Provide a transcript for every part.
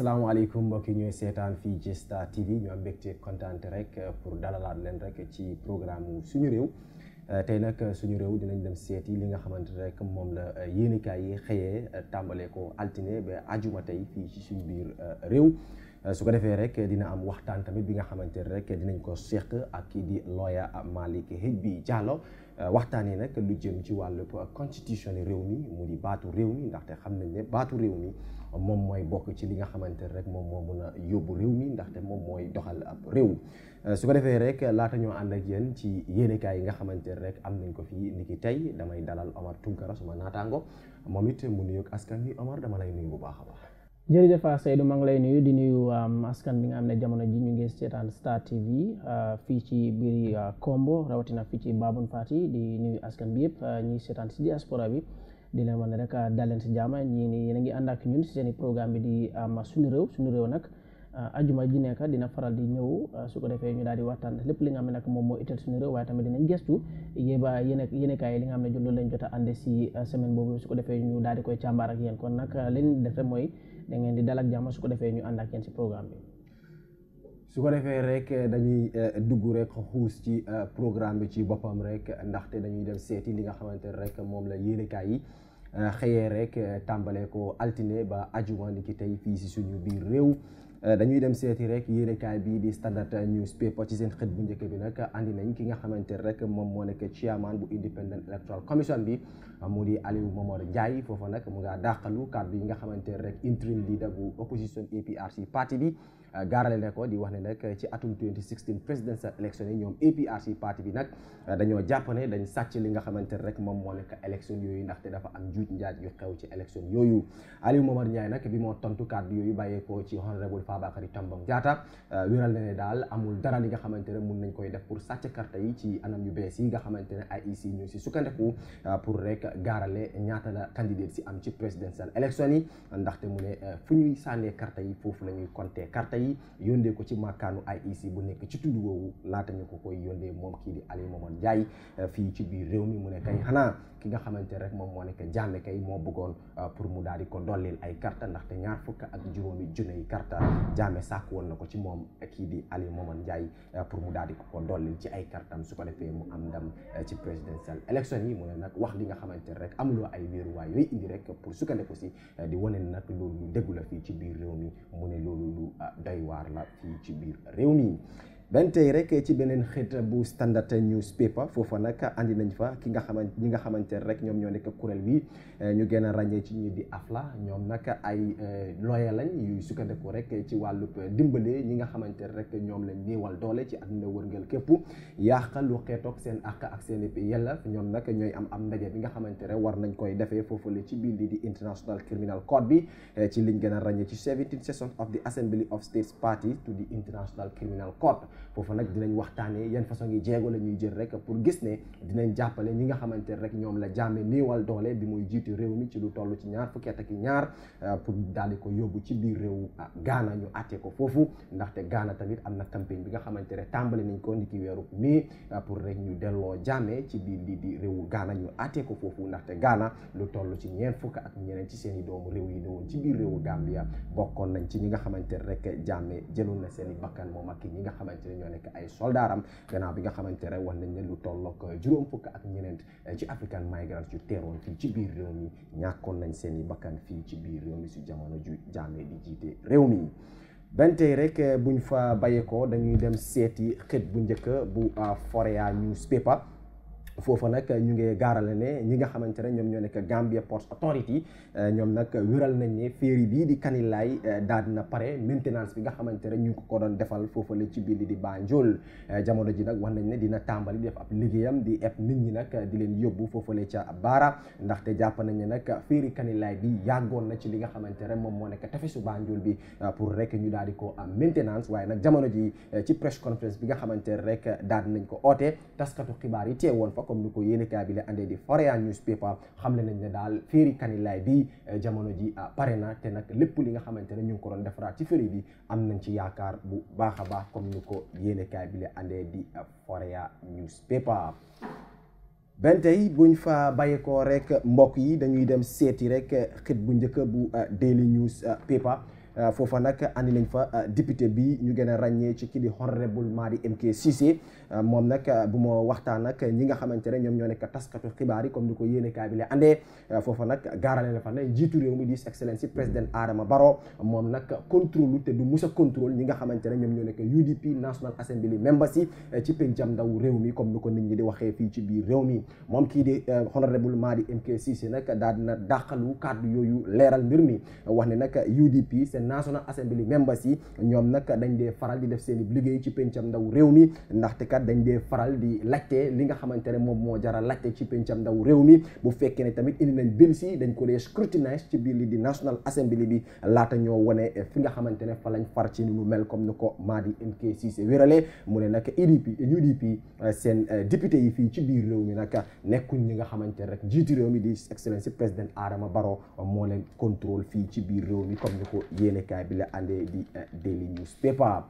asalaamaaleykum mbokk yi ñooy seetaan fii ci Star TV ñoo am mbégte rek euh, pour dalalaat leen rek ci programme suñu réew euh, tey nag euh, suñu réew dinañ dem seeti li nga xamante rek moom la yéenekaay yi xëyee tàmbalee ko altine ba ajuma tey fii ci suñu biir réew su ko defee rek dina am waxtaan tamit bi nga xamante rek dinañ ko seq ak kii di lawyer bi Hegby waxtaan waxtaanee nag lu jëm ci wàllu constitution réew mi mu di baatu réew mi ndaxte xam nañ ne baatu réew mi. moom mooy bokk ci li nga xamante rek moom moo mun a yóbbu réew mi ndaxte moom mooy doxal ab réew euh, su ko defee rek laata ñoo ànd ak yéen ci yéenekaay yi nga xamante rek am nañ ko fii niki tey damay dalal Omar Tunkara suma naataango moom it mu nuyoog askan wi Omar dama lay nuyu bu baax a baax. jërëjëf Seydou maa ngi lay nuyu di nuyu askan bi nga xam ne jamono ji ñu ngi seetaan Star TV euh, fii ci biir euh, Kombo rawatina fii ci Babouñ Faty di nuyu askan bi yëpp ñi seetaan si diaspora bi. di leen wan ne rek ah, dal si jàmm ñii ni yéen a ngi ànd ak ñun si seen i programme bi di suñu réew suñu réew nag ah, ajuma ji nekk dina faral di ñëw ah, su ko defee ñu daal di waxtaan lépp li nga xam ne nag moom moo itteel suñu réew waaye tamit gestu yéba yéen ak yéen kaay li nga xam ne loolu lañ jot a ànd si semaine boobu su ko defee ñu daal di koy càmbaar ak yéen kon nag leen def rek mooy da ngeen di dal ak jàmm su ko defee ñu ànd ak yéen si programme bi su ko defee rek eh, dañuy eh, dugg rek xuus ci eh, programme bi ci boppam rek ndaxte dañuy dem seeti li nga xamante rek moom la yéenekaay yi xëyee rek tàmbale ko altine ba ajuma ni ki tey fii si suñu biir réew dañuy dem seeti rek yéenekaay bi di standard newspaper ci seen xët bu bi nag andi nañ ki nga xamante rek moom moo nekk chairman bu independent electoral commission bi mu di Alieu Momar Njie foofa nag mu ngaa dàqalu kàddu yi nga xamante rek interim leader bu opposition APRC parti bi Euh, gaarale ne ko di wax ne nag ci atum 2016 presidential election yi ñoom APRC parti bi nag euh, dañoo jàpp ne dañ sàcc li nga xamante rek moom moo nekk élection yooyu ndaxte dafa am njuuj bi moo tontu kàddu yooyu bàyyeekoo ci honorable Fabakary Tombong Jatta euh, wéral na ne daal amul dara li nga xamante ne mun nañ koy def pour sàcc carte yi ci anam yu bees yi nga xamante ne IEC ñu si sukkandiku pour rek gaarale ñaata la candidate si am ci presidential election yi ndaxte mu ne fu ñuy sànnee carte yi foofu la ñuy compter yi yóndee ko ci màkkaanu IEC bu nekk ci tudd woowu laata ñu ko koy yóndee moom kii di Alieu Momar Ndiaye eh, fii ci biir réew mi mu ne kay xanaa ki nga xamante rek moom moo nekk jàmme kay moo bëggoon euh, pour mu daal di ko dollil ay karta ndaxte ñaar fukk ak juróomi junne yi karta jàmme sàkk woon na ko ci moom kii di Aliou Momar Ndiaye euh, pour mu daal di ko dollil ci ay kartam su ko defee mu am ndam euh, ci présidentielle élection yi mu ne nag wax li nga xamante rek amuloo ay wéeruwaay yooyu indi rek pour sukkandiku si di wane nag loolu lu déggu la fii ci biir réew mi mu ne loolu lu doy waar la fii ci biir réew mi benn tey rek ci beneen xeet bu standard newspaper foofa nag andi nañ fa ki nga xamante ñi nga xamante rek ñoom ñoo nekk kuréel bi eh, ñu gën a ràññee ci ñi di AFLA ñoom nag ay eh, lawyer lañ yuy sukkandiku rek ci wàllub dimbale ñi nga xamante rek ñoom lañ néewal doole ci àdduna wërngël képp yaaqa lu xeetoog seen àq ak seen i yelleef ñoom nag ñooy am am ndaje bi nga xamante ne war nañ koy defee foofule ci biir lii di International Criminal Court bi eh, ci liñ gën a ràññee ci 17th session of the Assembly of States Party to the International Criminal Court foofu nag dinañ waxtaanee yan façon yi jéego la ñuy jël rek pour gis ne dinañ jàppale ñi nga xamante rek ñoom la jàmme néewal doole bi muy jiitu réew mi ci lu toll ci ñaar fukki at ñaar euh, pour daal ko yóbbu ci biir réew ah, Ghana ñu àttee ko foofu ndaxte Ghana tamit am na campagne bi nga xamante ne tàmbali nañ ko ndiki weeru mai euh, pour rek ñu delloo jàmme ci biir lii di réewu Ghana ñu àttee ko foofu ndaxte Ghana lu toll ci ñeent fukk ak ñeneen ci seen i doomu réew yi ne woon ci biir réewu Gambia bokkoon nañ ci ñi nga xamante rek jàmme jëloon na seen i bakkan moom ak ñi nga xamante ne ñoo nekk ay soldaaram gannaaw bi nga xamante ne wax nañ ne lu tollook juróom fukk ak ñeneent eh, ci African migrants yu teeroon fii ci biir réew mi ñàkkoon nañ seeni bakkan fii ci biir réew mi su jamono ju jàmmee di jiite réew mi. benn tey rek eh, buñ fa bàyyeekoo dañuy dem seeti xët bu njëkk bu ah, Foroyaa newspaper foofa nag ñu ngi gaarale ne ñi nga xamante ne ñoom ñoo nekk Gambia Ports Authority euh, ñoom nag wéral nañ ne ferry bii di Kanilaay euh, daal dina pare maintenance bi nga xamante ne ñu ngi ko ko doon defal foofa la ci biir di baa Banjul euh, jamono ji nag wax nañ ne dina tàmbali def ab liggéeyam di eb nit ñi nag di leen yóbbu foofale ca Baara ndaxte jàpp nañ ne nag ferry Kanilaay bi yàggoon na ci li nga xamante ne moom moo nekk tefesu Banjul bi pour rek ñu daal di ko am maintenance waaye nag jamono ji ci press conference bi nga xamante ne rek daal di nañ ko oote taskatu xibaar yi teewoon fa comme ni ko yéenekaay bi la andee di Foroyaa newspaper xam le nañ ne daal féeri kanilaay bi eh, jamono ji ah, pare na te nag lépp li nga xamante ne ñu ko doon defaraat ci féeri bi am nañ ci yaakaar bu baax a baax comme ni ko yéenekaay bi la andee di Foroyaa newspaper benn tey buñ fa bàyyeekoo rek mbokk yi dañuy dem seeti rek xit bu njëkk bu eh, Daily News eh, Paper foofa nag andi nañ fa député bi ñu gën a ràññee ci kii di honorable Madi MK Cissé moom nag euh, bu ma waxtaan nag ñi nga xamante ne ñoom ñoo nekk taskatu xibaar yi comme ni ko yéenekaay bi la andee euh, foofa nag gaarale na fa ne jiitu réew mi di excellence si président Adama Barrow moom nag contrôle te du musa contrôle ñi nga xamante ne ñoom ñoo nekk UDP National Assembly members si euh, ci pencam ndaw réew mi comme ni ko nit ñi di waxee fii ci biir réew mi moom kii di honorable Madi MK nag daal dina dàqalu kàddu yooyu leeral mbir mi wax ne nag UDP seen National Assembly members yi ñoom nag dañ dee faral di def seeni i liggéey ci pencam ndaw réew mi ndaxte kat kat dañ dee faral di laajte li nga xamante ne moom moo jara laajte ci pencam ndaw réew mi bu fekkee ne tamit indi nañ bill si dañ ko dee scrutinise ci biir li di National Assembly bi laata ñoo wone fi nga xamante ne fa lañ far ci ni mu mel comme ni ko Madi MK Cissé wérale mu ne nag UDP e UDP eh, seen eh, député yi fii ci biir réew mi nag nekkuñ ñi nga xamante rek njiiti réew mi di excellence si président Adama Barrow moo leen contrôle fii ci biir réew mi comme ni ko yéene bi la àndee di eh, daily newspaper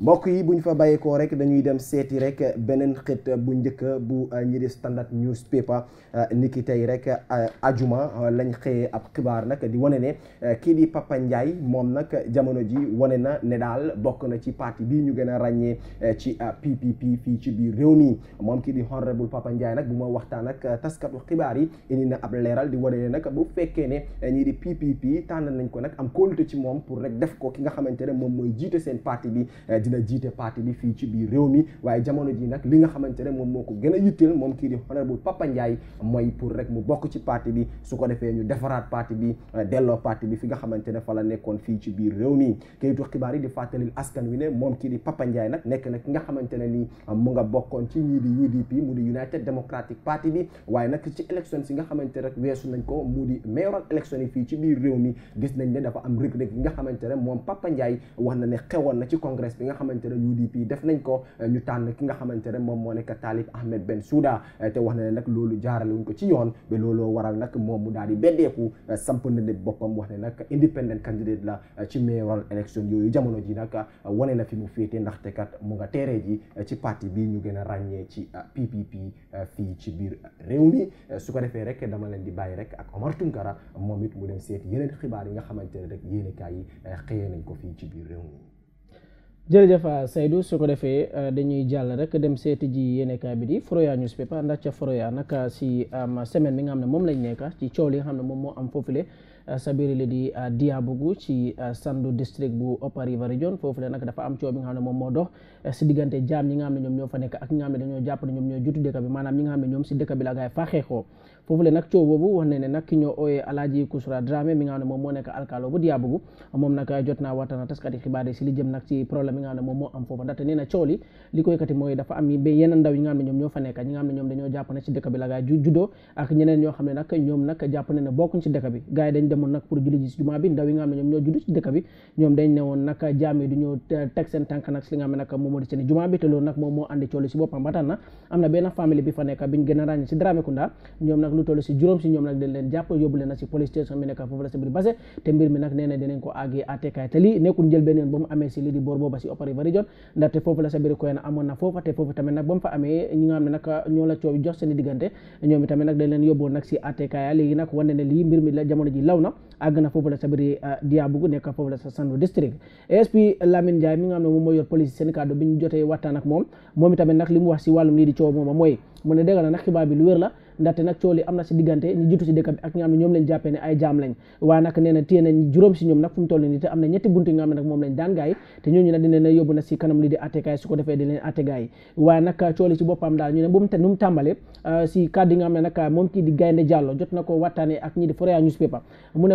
mbokk yi bu ñu fa bàyyeekoo rek dañuy dem seeti rek beneen xët bu njëkk bu euh, ñi di standard newspaper euh, ni ki tey rek euh, ajuma lañ xëyee ab xibaar nag di wane ne kii di Papa Ndiaye moom nag jamono ji wane na ne daal bokk na ci parti bi ñu gën a ràññee ci PPP fii ci biir réew mi moom kii di honorable Papa Ndiaye nag bu ma waxtaan ak taskatu xibaar yi indi na ab leeral di wane ne nag bu fekkee ne ñi di PPP tànn nañ ko nag am kóolute ci moom pour rek def ko ki nga xamante ne moom mooy jiite seen parti bi dina jiite parti bi fii ci biir réew mi waaye jamono ji nag li nga xamante ne moom moo ko a yitteel moom kii di honorable euh, ne fa la nekkoon fii ci biir réew mi kayitu xibaar yi di fàttalil askan wi ne moom kii nag nekk na ki nga xamante ne euh, mu nga bokkoon ci ñii di UDP mu di United Democratic Party bi waaye nag ci élection si nga xamante rek weesu nañ ko mu di mayoral élection fii ci biir réew mi gis nañ ne dafa am rëg-rëg yi nga xamante moom Papa wax na ne xewoon na ci congrès bi nga xamante ne UDP def nañ ko ñu tànn ki nga xamante ne moom moo nekk Talib Ahmed suuda te wax na ne nag loolu jaarale wuñ ko ci yoon be looloo waral nag moom mu daal di beddeeku samp na ne boppam wax ne nag independent candidate la ci mayoral élection yooyu jamono ji nag wane na fi mu féete ndaxte kat mu nga teeree ji ci parti bi ñu gën a ràññee ci PPP fii ci biir réew mi su ko defee rek dama leen di bàyyi rek ak Omar Tunkara moom it mu dem seet yeneen xibaar yi nga xamante ne rek yéenekaay yi xëyee nañ ko fii ci biir réew mi jërëjëf euh, Seydou su ko defee euh, dañuy jàll rek dem seeti ji yéenekaay bi di Foroyaa newspaper ndax ca Foroyaa nag euh, si semaine bi nga xam ne moom lañ nekka ci coow li nga xam ne moom moo am foofule Sabiri li di euh, Diabougou ci euh, Sandu district bu Upper River Region foofu le nag dafa am coow bi nga xam ne euh, ñoom ñoo dañoo jàpp ne si dëkk bi la gaay yi si ak ñeneen ñoo xam ne nag ñoom nag jàpp ne ne bokkuñ si dëkk bi gaay dañ demoon nag pour julli jumaa bi ndaw yi nga ñoo judd ci dëkk bi ñoom dañ ne woon nag si li lii nag ba ne lii mbir mi la ji law na na àgg na foofu la sa biir euh, Diabougou nekk foofu la sa Sandou district ASP e Lamine Ndiaye mi nga xam ne moom mooy yor police seen kàddu bi ñu jotee waxtaan ak moom moom itamit nag li mu wax si wàllum lii di coow mooma mooy mu ne dégg la nag xibaar bi lu wér la ndaxte nag coow li am na si diggante ñu jiitu si dëkk bi ak ñoom lañ jàppee ne ay jaam lañ waaye nag nee na téye ñoom na ñetti ne nag moom na si kanam di atte gaay su ko defee di gaay ne bu euh, jot na ko waxtaane ak ñi di Foroyaa newspaper mu ne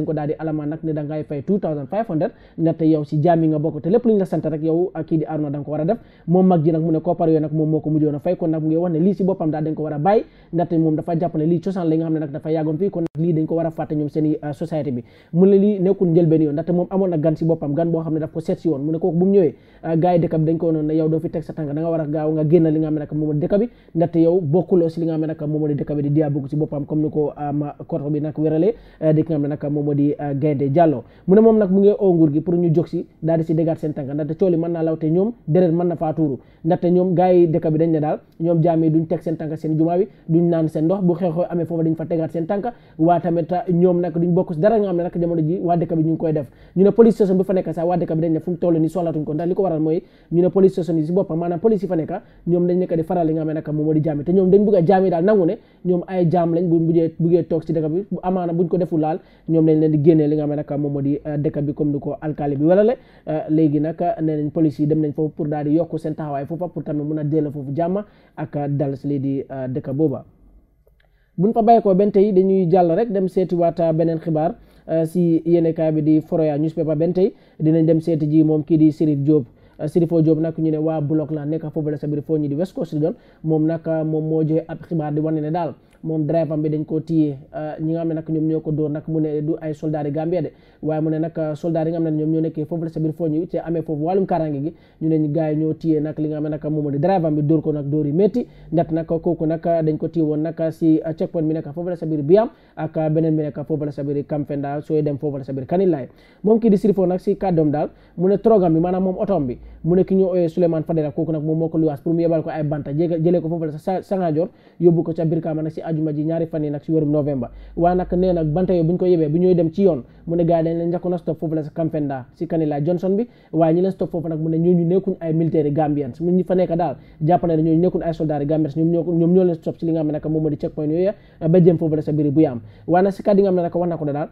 dañ nga bokk ne nag moom moo ko mujjoon a fay kon nag si boppam nga xam ne nag euh, moom amoon na euh, bi dañ war a gaaw nga génn li nga xam ne nag moom dëkk bi ndaxte yow bokkuloo si li nga xam ne nag moom dëkk bi di diyaa bokk si boppam comme ni ko euh, ma bi nag wéralee di nga xam ne nag moom moo di euh, Gaynde Diallo mu ne moom nag mu ngi oo nguur gi pour ñu jóg si daal di si dégaat seen tànk ndaxte cool yi naa euh, law te ñoom dañ ne daal daal nangu ne ñoom ay jaam lañ bu buggee toog si dëkk bi amaana buñ ko defu laal ñoom lañ leen di génnee li nga xam ne moom moo di euh, dëkk bi comme ni ko alkaali bi wala la euh, léegi nag euh, nee nañ police yi dem nañ foofu pour daal di yokk seen taxawaay foofa pour tamit mun a delloo foofu jàmm ak dal si lii di dëkk booba buñ fa bàyyi ko benn tey dañuy jàll rek dem seetiwaat beneen xibaar si yéenekaay bi di Foroyaa newspaper benn tey dinañ dem seeti ji moom kii di Sirif Diop Sirifo Diop nag ñu ne waa Bloc la nekk foofu la sa biir foo ñi di West Coast di doon moom nag moom moo joxe ab xibaar di wane ne daal moom drive am bi dañ koo téye euh, ñi nga xam ne nag ñoom ñoo ko dóor euh, moom ko nag dóor yi métti ndax nag kooku nag dañ ko moo ko luwaas pour mu yebal ko ay banta jëlee ko foofu la sa sangajoor yóbbu ko ca biir nag si ajuma ji ñaari fan yi nag si wérum novembre waaye nag nee nag banta yoo bu ñu ko yebee bu ñuy dem ci yoon mu ne gars yi dañ leen njëkkoon a stop foofu la si Kampenda si Kanila Johnson bi waaye ñi leen stop foofu la sa biir bu yaam waaye nag si kàddu nga xam nag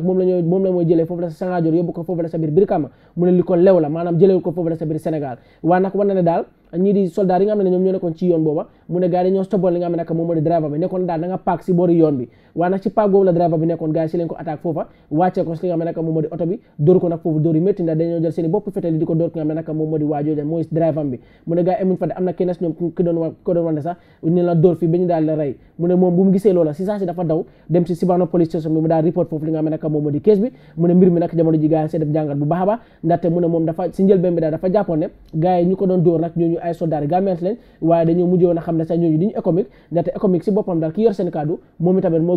moom la ñoo moom foofu la sa sangaajor yóbbu ko foofu la sa biir Brikama mu ne li ko lew maanaam jëlee ko foofu la sa biir Sénégal waaye nag wane ne daal ñii di soldats yi nga xam ne ñoom ñoo nekkoon ci yoon booba mu ne gars yi dañoo stoppoon nga xam ne nag driver bi nekkoon daal da nga paak si boori yoon waaye nag ci paak boobu la driver bi nekkoon gars yi si leen ko attaque foofa wàccee ko si li nga xam ne nag moom moo di oto bi dóor ko nag foofu dóor yu métti ndax dañoo jël seen i bopp fetal yi di ko dóor ki nga xam ne nag moom moo di waajooja mooy driver bi mu ne gars yi emuñ fa de am na kenn si ñoom ki doon wa ko doon wante sax ne la dóor fii ba ñu daal la rey mu ne moom bu mu gisee loola si saa si dafa daw dem si Sibano police station bi mu daal report foofu li nga xam ne nag moom moo di case bi mu ne mbir mi nag jamono ji gars yi see def jàngat bu baax a baax ndaxte mu ne moom dafa si njëlbeen bi daal dafa jàppoon ne gars yi ñu ko doon dóor nag ñooñu ay soldaar gambiens lañ waaye dañoo mujjoon a xam ne sax ñooñu di ñu économique ndaxte économique si boppam daal ki yor seen kàddu moom itamit moo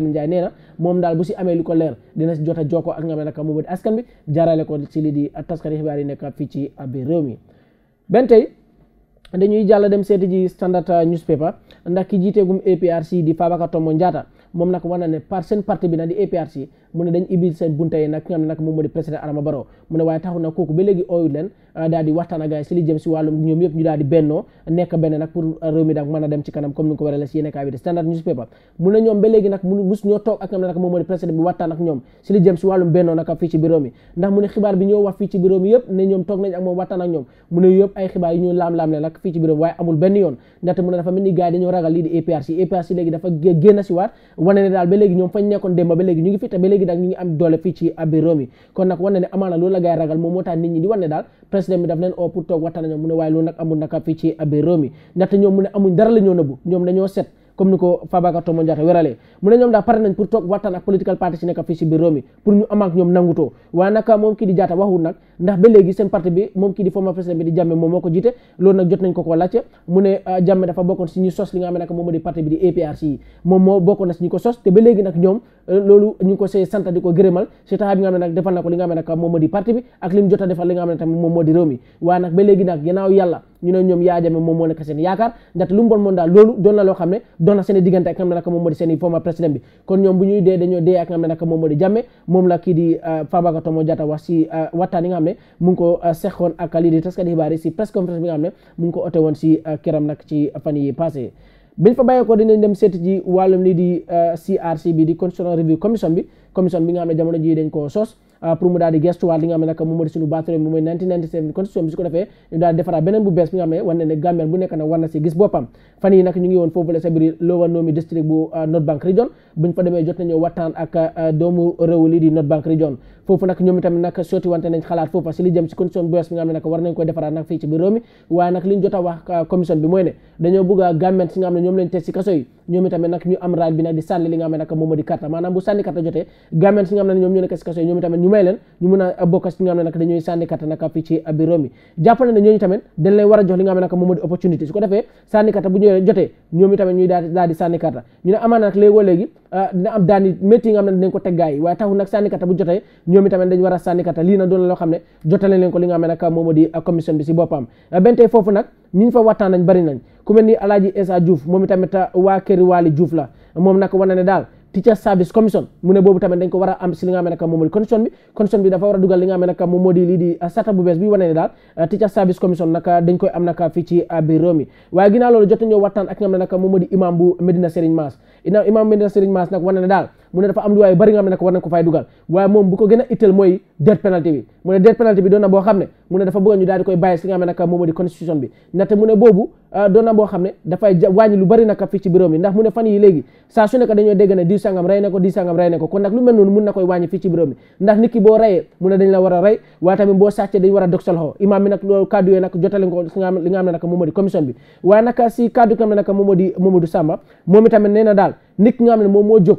Lamine Ndiaye nee na moom daal bu si amee lu ko leer dina si jot a jokkoo ak nga xam ne nag moom it askan bi jaarale ko si lii di taskati xibaar yi nekk fii ci biir réew mi benn tey dañuy jàll dem seeti standard newspaper ndax ki jiiteegum APRC di Fabakary Tombong Jatta moom nag war na ne par seen parti bi nag di APRC mu ne ñoom yëpp léegi nag mu ne xibaar bi ñoo wax fii ci biir réew yëpp ne ñoom toog nañ ak moom waxtaan ak ñoom mu ne yëpp ay xibaar yi ñu laam-laam le nag fii ci biir waaye amul benn yoon ndaxte mu ne dafa mel ni gars dañoo ragal lii di APRC APRC léegi dafa génn si waat wane ne daal ba léegi ñoom fañ nekkoon démb ba léegi ñu ngi fi te léegi léegi nag ñu ngi am doole fii ci abi kon nag wane ne amaana loolu la ragal moom moo tax nit di wane daal président bi daf leen oo pour toog waxtaan ñoom mu ne waaye loolu nag naka fii ci abi réew mi ndaxte dara la ñoo nëbbu ñoom dañoo set comme ni ko Fabakary Tombon Jatta wéralee mu ne ñoom daal moom moo ko jiite loolu nag jot nañ ko ko laajte ne euh, Jammeh dafa bokkoon si ñu sos na te ba léegi nag ñoom euh, loolu ñu ko see sant di ko gërëmal si taxaw bi nga nag defal na ko li nga xam ne moom moo di parti bi ak li jot a defal li nga xam tamit moom moo di réew waaye nag ba léegi nag ginnaaw yàlla ñu ne ñoom Yaya Jammeh moom moo nekk seen yaakaar ndaxte lu mu bon moom daal loolu doon na loo xam ne doon na seen diggante ak nga xam ne naka moom moo moom la kii di euh, Fabakary Tombong Jatta wax si euh, waxtaan nga xam ne mu ngi ko euh, seqoon ak lii di taskati xibaar yi si press conference bi nga xam ne mu ko ote woon si këram nag ci fan yi passé biñ fa bàyyeekoo dinañ dem seeti ji wàllum lii di CRC bi di Constitutional Review Commission bi nga xam ne jamono ji Euh, pour mu daal di gestuwaat li nga xam ne nag moom moo di suñu baat réew mi mooy 1997 constitution bi su ko defee ñu daal di defaraat beneen bu bees bi nga xam ne ne Gambien bu nekk nag war si gis boppam fan yi nag ñu ngi woon foofu la sa biir district bu euh, North Bank Region buñ fa demee jot nañoo waxtaan ak euh, doomu réew lii di North Bank Region foofu nag ñoom itam nag sotti wante nañ nag a wax euh, a gàmment si nga xam ne ñoom itamit nag ñu may leen war a jox li nga xam nag moom moo di opportunité ko defee sànni carte bu jotee ñoom itamit ñuy daal di sànni ñu ne amaana nag léegoo léegi Ah, dina am daan yi métti yi nga xam ne dinañ ko teg gaa yi waaye taxul nag sànnikata bu jotee ñoom itamit dañ war a sànnikata lii na doon loo xam ne jotale leen ko li nga xam ne nag moom moo di commission bi si boppam a ah, tey foofu nag ñiñ fa waxtaan nañ bari nañ ku mel ni Alaaji Essa Diouf moom itamit ah, waa kër Waali Diouf la moom nag wane ne daal teacher service commission mu ne boobu tamit dañ ko war a am si li nga xam ne nag moom condition bi dafa war a dugal li nga xam ne nag moom lii di uh, sata bu bees bi wane ne daal uh, teacher service commission nag uh, dañ koy am nag fii ci biir réew mi waaye ginnaaw loolu jot nañoo waxtaan ak nga xam ne nag moom moo di bu Medina Serigne Mass imam Medina Serigne Mass nag wane ne daal mu ne am lu waaye bari ne nag war nañ ko fay dugal waaye moom bu ko a itteel mooy death penalty mun na koy wàññi fii ci bureau ndax nit boo reyee mu ne dañ la war a rey waaye tamit boo sàccee dañ war a dog sa loxo imaam bi nag loolu kaddu yooyu nag jotale ko li nga xam ne nag moom commission bi waaye nag si kaddu nga xam ne nag moom moo moom itamit nee na daal nit nga xam ne moom moo jóg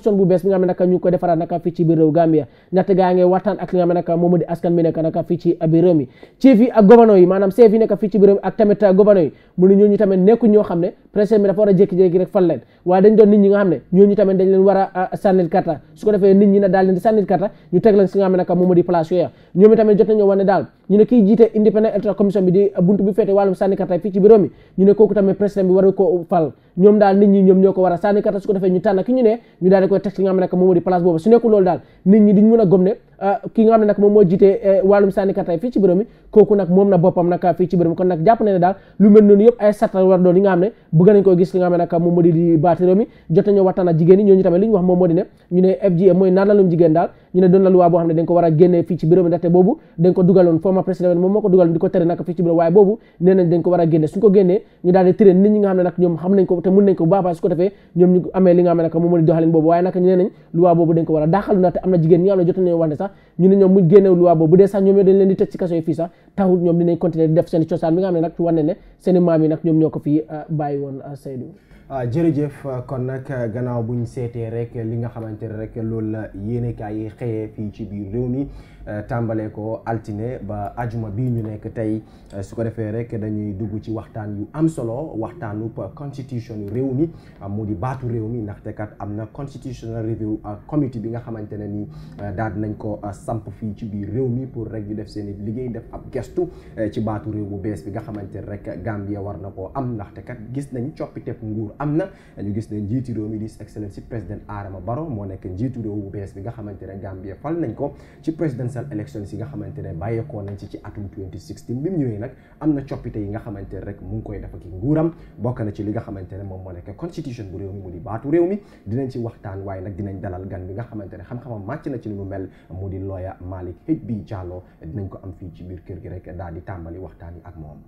constitution bu bees bi nga xam ne naka ñu ko defaraat naka fii ci biir réew Gambia ndaxte gaa ngi ak li nga xam ne naka moom di askan bi nekk naka fii ci biir mi chief yi ak gouverneur yi maanaam chef yi nekk fii ak tamit gouverneur yi mu ne ñooñu tamit nekku xam ne président bi dafa war a jékki-jékki rek fal leen waaye dañ nit ñi nga xam ne ñooñu tamit dañ nit ñi nga xam ne daal nit ñi ñoom ñoo ko war a sànni karta su ko defee ñu tànn ki ñu ne ñu daal di koy nga xam ne nag moom di place boobu su nekkul daal nit ñi diñ mën a gom Ah, ki nga xam ne nag moom moo jiitee eh, wàllum sànnikatay fii ci bërëm mi kooku nag moom na boppam nag moom moo a génne fii ci bërëm ndaxte boobu a génne suñ ko doxalin boobu waaye nag nee luwaa boobu dañ ko war a daaxalu am na jigéen ñi nga xam ne jot wax ne sax ñu ne ñoom mu génnew loi boobu bu dee sax ñoom ñoo leen di tëj ci kaso yi fii sax taxul ñoom dinañ continuer di def seen cosaan bi nga xam ne nag wane ne seen maam yi nag ñoom ñoo ko fi euh, bàyyi woon euh, Seydou ah, jërëjëf kon nag uh, gannaaw buñ seetee rek li nga xamante ne rek loolu la yéenekaay yi xëyee fii ci biir réew mi Euh, tàmbalee ko altine ba ajuma bii ñu nekk tey euh, su ko defee rek dañuy dugg ci waxtaan yu am solo waxtaanu constitution yu réew mi euh, mu di baatu réew mi ndaxte kat am na constitutional review committee bi nga xamante ne ni daal dinañ ko samp fii ci biir réew mi pour rek ñu def seen liggéey def ab gestu ci baatu réew bu bees bi nga xamante ne rek Gambia war na ko am ndaxte kat gis nañ coppiteb nguur am na ñu gis ne njiitu réew mi di excellence si président Adama Barrow moo nekk njiitu réew bu bees bi nga xamante ne Gambia fal nañ ko ci président rectal elections yi nga xamante ne bàyyeekoo nañ ci ci atum 2016 bi mu ñëwee nag am na coppite yi nga xamante ne rek mu ngi koy def ak nguuram bokk na ci li nga xamante ne moom moo nekk constitution bu réew mi mu di baatu réew mi dinañ ci waxtaan waaye nag dinañ dalal gan bi nga xamante ne xam-xamam màcc na ci lu mu mel mu di lawyer Malick HB Jallow dinañ ko am fii ci biir kër gi rek daal di tàmbali waxtaan yi ak moom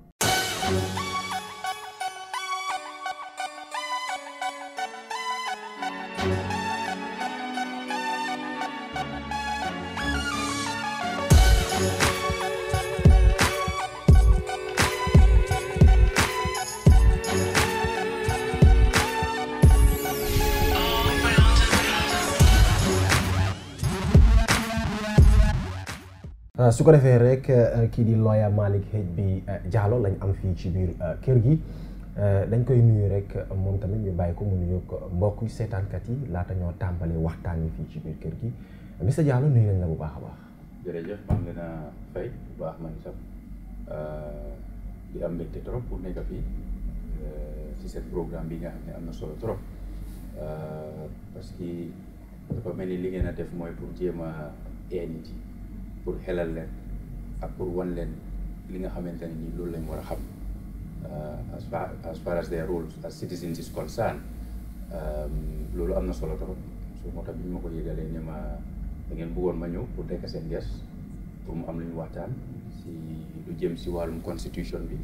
su ko defee rek euh, kii di lawyer Malick bi euh, Diallo lañ am fii ci biir euh, kër gi dañ koy nuyu rek moom tamit ñu bàyyi ko mu nuyoog mbokk seetaankat yi laata ñoo tàmbalee waxtaan yi fii ci biir kër gi monsieur Diallo nuyu nañ la bu baax a baax. jërëjëf maa ngi leen a fay bu baax man sax di am mbégte trop pour nekk fii ci programme bi nga am na solo trop parce que dafa mel ni li ngeen a def mooy pour jéem a ee nit pour xelal leen ak pour wan leen li nga xamante ne nii loolu lañ war a xam euh, as far as far as their roles as citizens is concerned euh, loolu am na solo trop su moo tax bi ñu ma ko yëgalee ne ma da ngeen bëggoon ma ñëw pour dekk seen ges pour mu am lu ñu waxtaan si lu jëm si wàllum constitution bi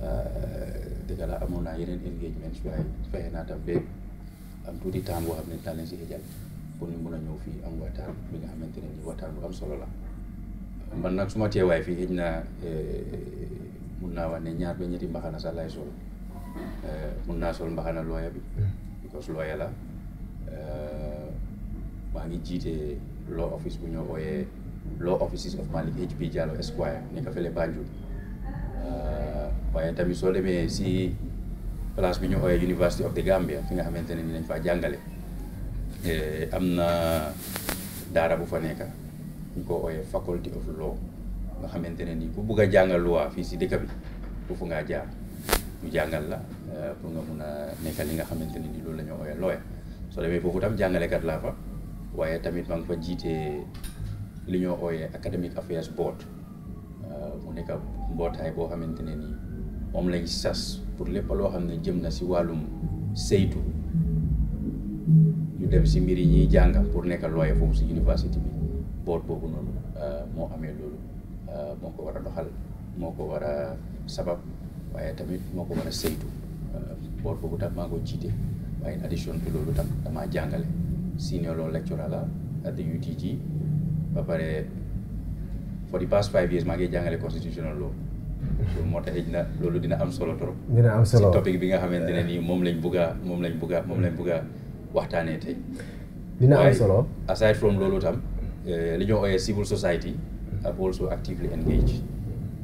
euh, dëgg la amoon naa yeneen engagement waaye fexe naa tam ba am tuuti temps boo xam ne dinaa si xëjal pour ñu mun a ñëw fii am waxtaan bi nga xamante ne nii waxtaan bu am solo la man nag su ma teewaay fii xëj na eh, mun naa wax ne ñaar ba ñetti mbaxana sax laay eh, mun naa sol mbaxana looya bi hmm. because looya la eh, maa ngi jiite law office bu ñoo ooyee law offices of Malik HP Jallow Esquire nekk fële Banjul waaye tamit soo demee si place bi ñu ooyee University of the Gambia fi nga xamante ne ni dañ faa jàngale am na daara bu fa nekka ñu ko ooyee faculty of law nga xamante ne ni ku bugg a jàngal loi fii si dëkk bi foofu ngaa jaar ñu jàngal la euh, pour nga mun a nekkal li nga xamante ne ni loolu la ñu ooyee lawyer soo demee foofu tam jàngalekat laa fa waaye tamit maa ngi fa jiitee li ñoo ooyee academic affairs board euh, mu nekk mbootaay boo xamante ne ni moom lañ sas pour lépp loo xam ne jëm na si wàllum saytu ñu dem si mbir yi ñuy jàng pour nekk lawyer foofu si université bi. boor boobu noonu euh, moo amee loolu euh, moo ko war a doxal moo ko war a sabab waaye tamit moo ko war a saytu euh, boor boobu tam maa ko jiite waaye in addition to loolu tam damaa jàngale senior loolu lecturer la at the UTG ba pare for past five years maa ngi jàngale constitutional law loolu moo tax na loolu dina am solo trop. dina am solo si topic bi nga xamante ne nii moom lañ bugg moom lañ bugg a moom lañ bugg a waxtaanee tey. dina am solo aside from loolu tam. Eh, li ñoo ooyee civil society have also actively engaged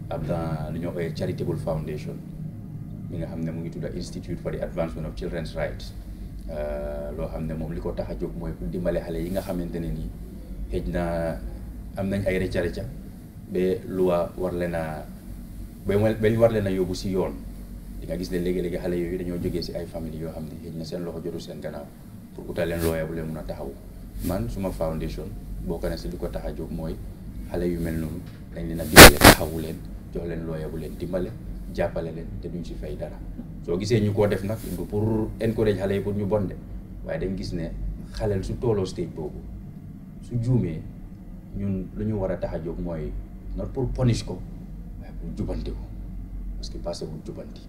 ab dans li ñoo ooyee charitable foundation mi nga xam ne mu ngi tudda institute for the advancement of children's rights eh, loo xam ne moom li ko tax a jóg mooy pour dimbale xale yi nga xamante ne nii xëj na am nañ ay rëcca rëcca ba luwa war leen a ba bañ war leen a yóbbu si yoon di nga gis ne léegi-léegi xale yooyu dañoo jógee si ay famille yoo xam ne xëj na seen loxo jotul seen gannaaw pour utal leen looya bu leen mun a taxaw man suma foundation bokk na si li ko tax a jóg mooy xale yu mel noonu dañ leen a dimbale taxawu leen jox leen looya leen dimbale jàppale leen te duñ si fay dara soo gisee ñu ko def nag du pour encourage xale yi pour ñu bonde waaye dañ gis ne xalel su tooloo stage boobu su juumee ñun lu ñu war a tax a jóg mooy not pour punish ko waaye pour jubanti ko parce que passé wul jubanti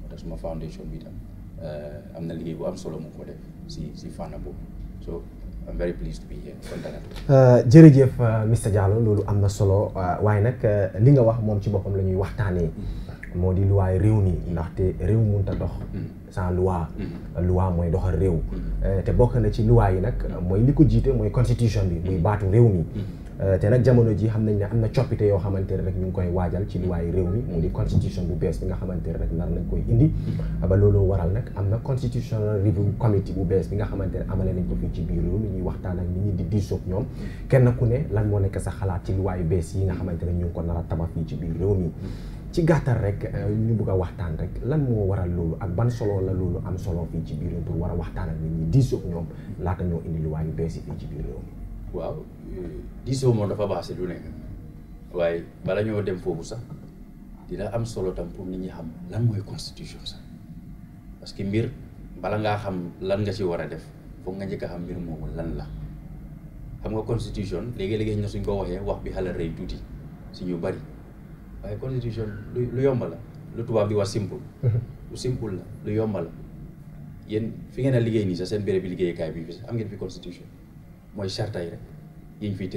moo tax suma foundation bi tam euh, am na liggéey bu am solo mu ko def si si fànna boobu so I'm very pleased euh, jërëjëf euh, Mr Diallo loolu am na solo euh, waaye nag li nga wax moom ci boppam la ñuy waxtaanee. Mm-hmm. moo di luwaay réew mi ndaxte réew mënut ta dox. Mm-hmm. sans loi. Mm-hmm. loi mooy doxal réew. te bokk na ci luwaay yi nag mooy li ko jiite mooy constitution bi muy baatu réew mi. Euh, te nag jamono ji xam nañ ne am na coppite yoo xamante ne rek ñu ngi koy waajal ci luwaay réew mi mu di constitution bu bees bi nga xamante ne rek nar nañ koy indi ba loolu waral nag am na constitutional review committee bu bees bi nga xamante ne amale nañ ko fii ci biir réew mi ñuy waxtaan ak nit ñi di diisoog ñoom kenn ku ne lan moo nekk sa xalaat ci luwaay bees yi nga xamante ne ñu ngi ko nar a tabax fii ci biir réew mi ci gàttal rek euh, ñu bëgg a waxtaan rek lan moo waral loolu ak ban solo la loolu am solo fii ci biir réew pour war a waxtaan ak ni nit ñi diisoog ñoom laata ñoo indi luwaay bees yi fii ci biir réew mi waaw diisoo eh, moom dafa baax si lu nekk waaye bala ñoo dem foofu sax dina am solo tam pour nit ñi xam lan mooy constitution sax parce que mbir bala ngaa xam lan nga ci war a def foog nga njëkk a xam mbir moomu lan la xam nga constitution léegi-léegi na suñ ko waxee wax bi xala rëy tuuti si ñu bari waaye constitution lu yomb la lu tubaab bi wax simple lu simple la lu yomb la yéen fi ngeen a liggéey nii sax seen béréb bi liggéeykaay bi am ngeen fi constitution mooy charta yi rek yi ñu fiy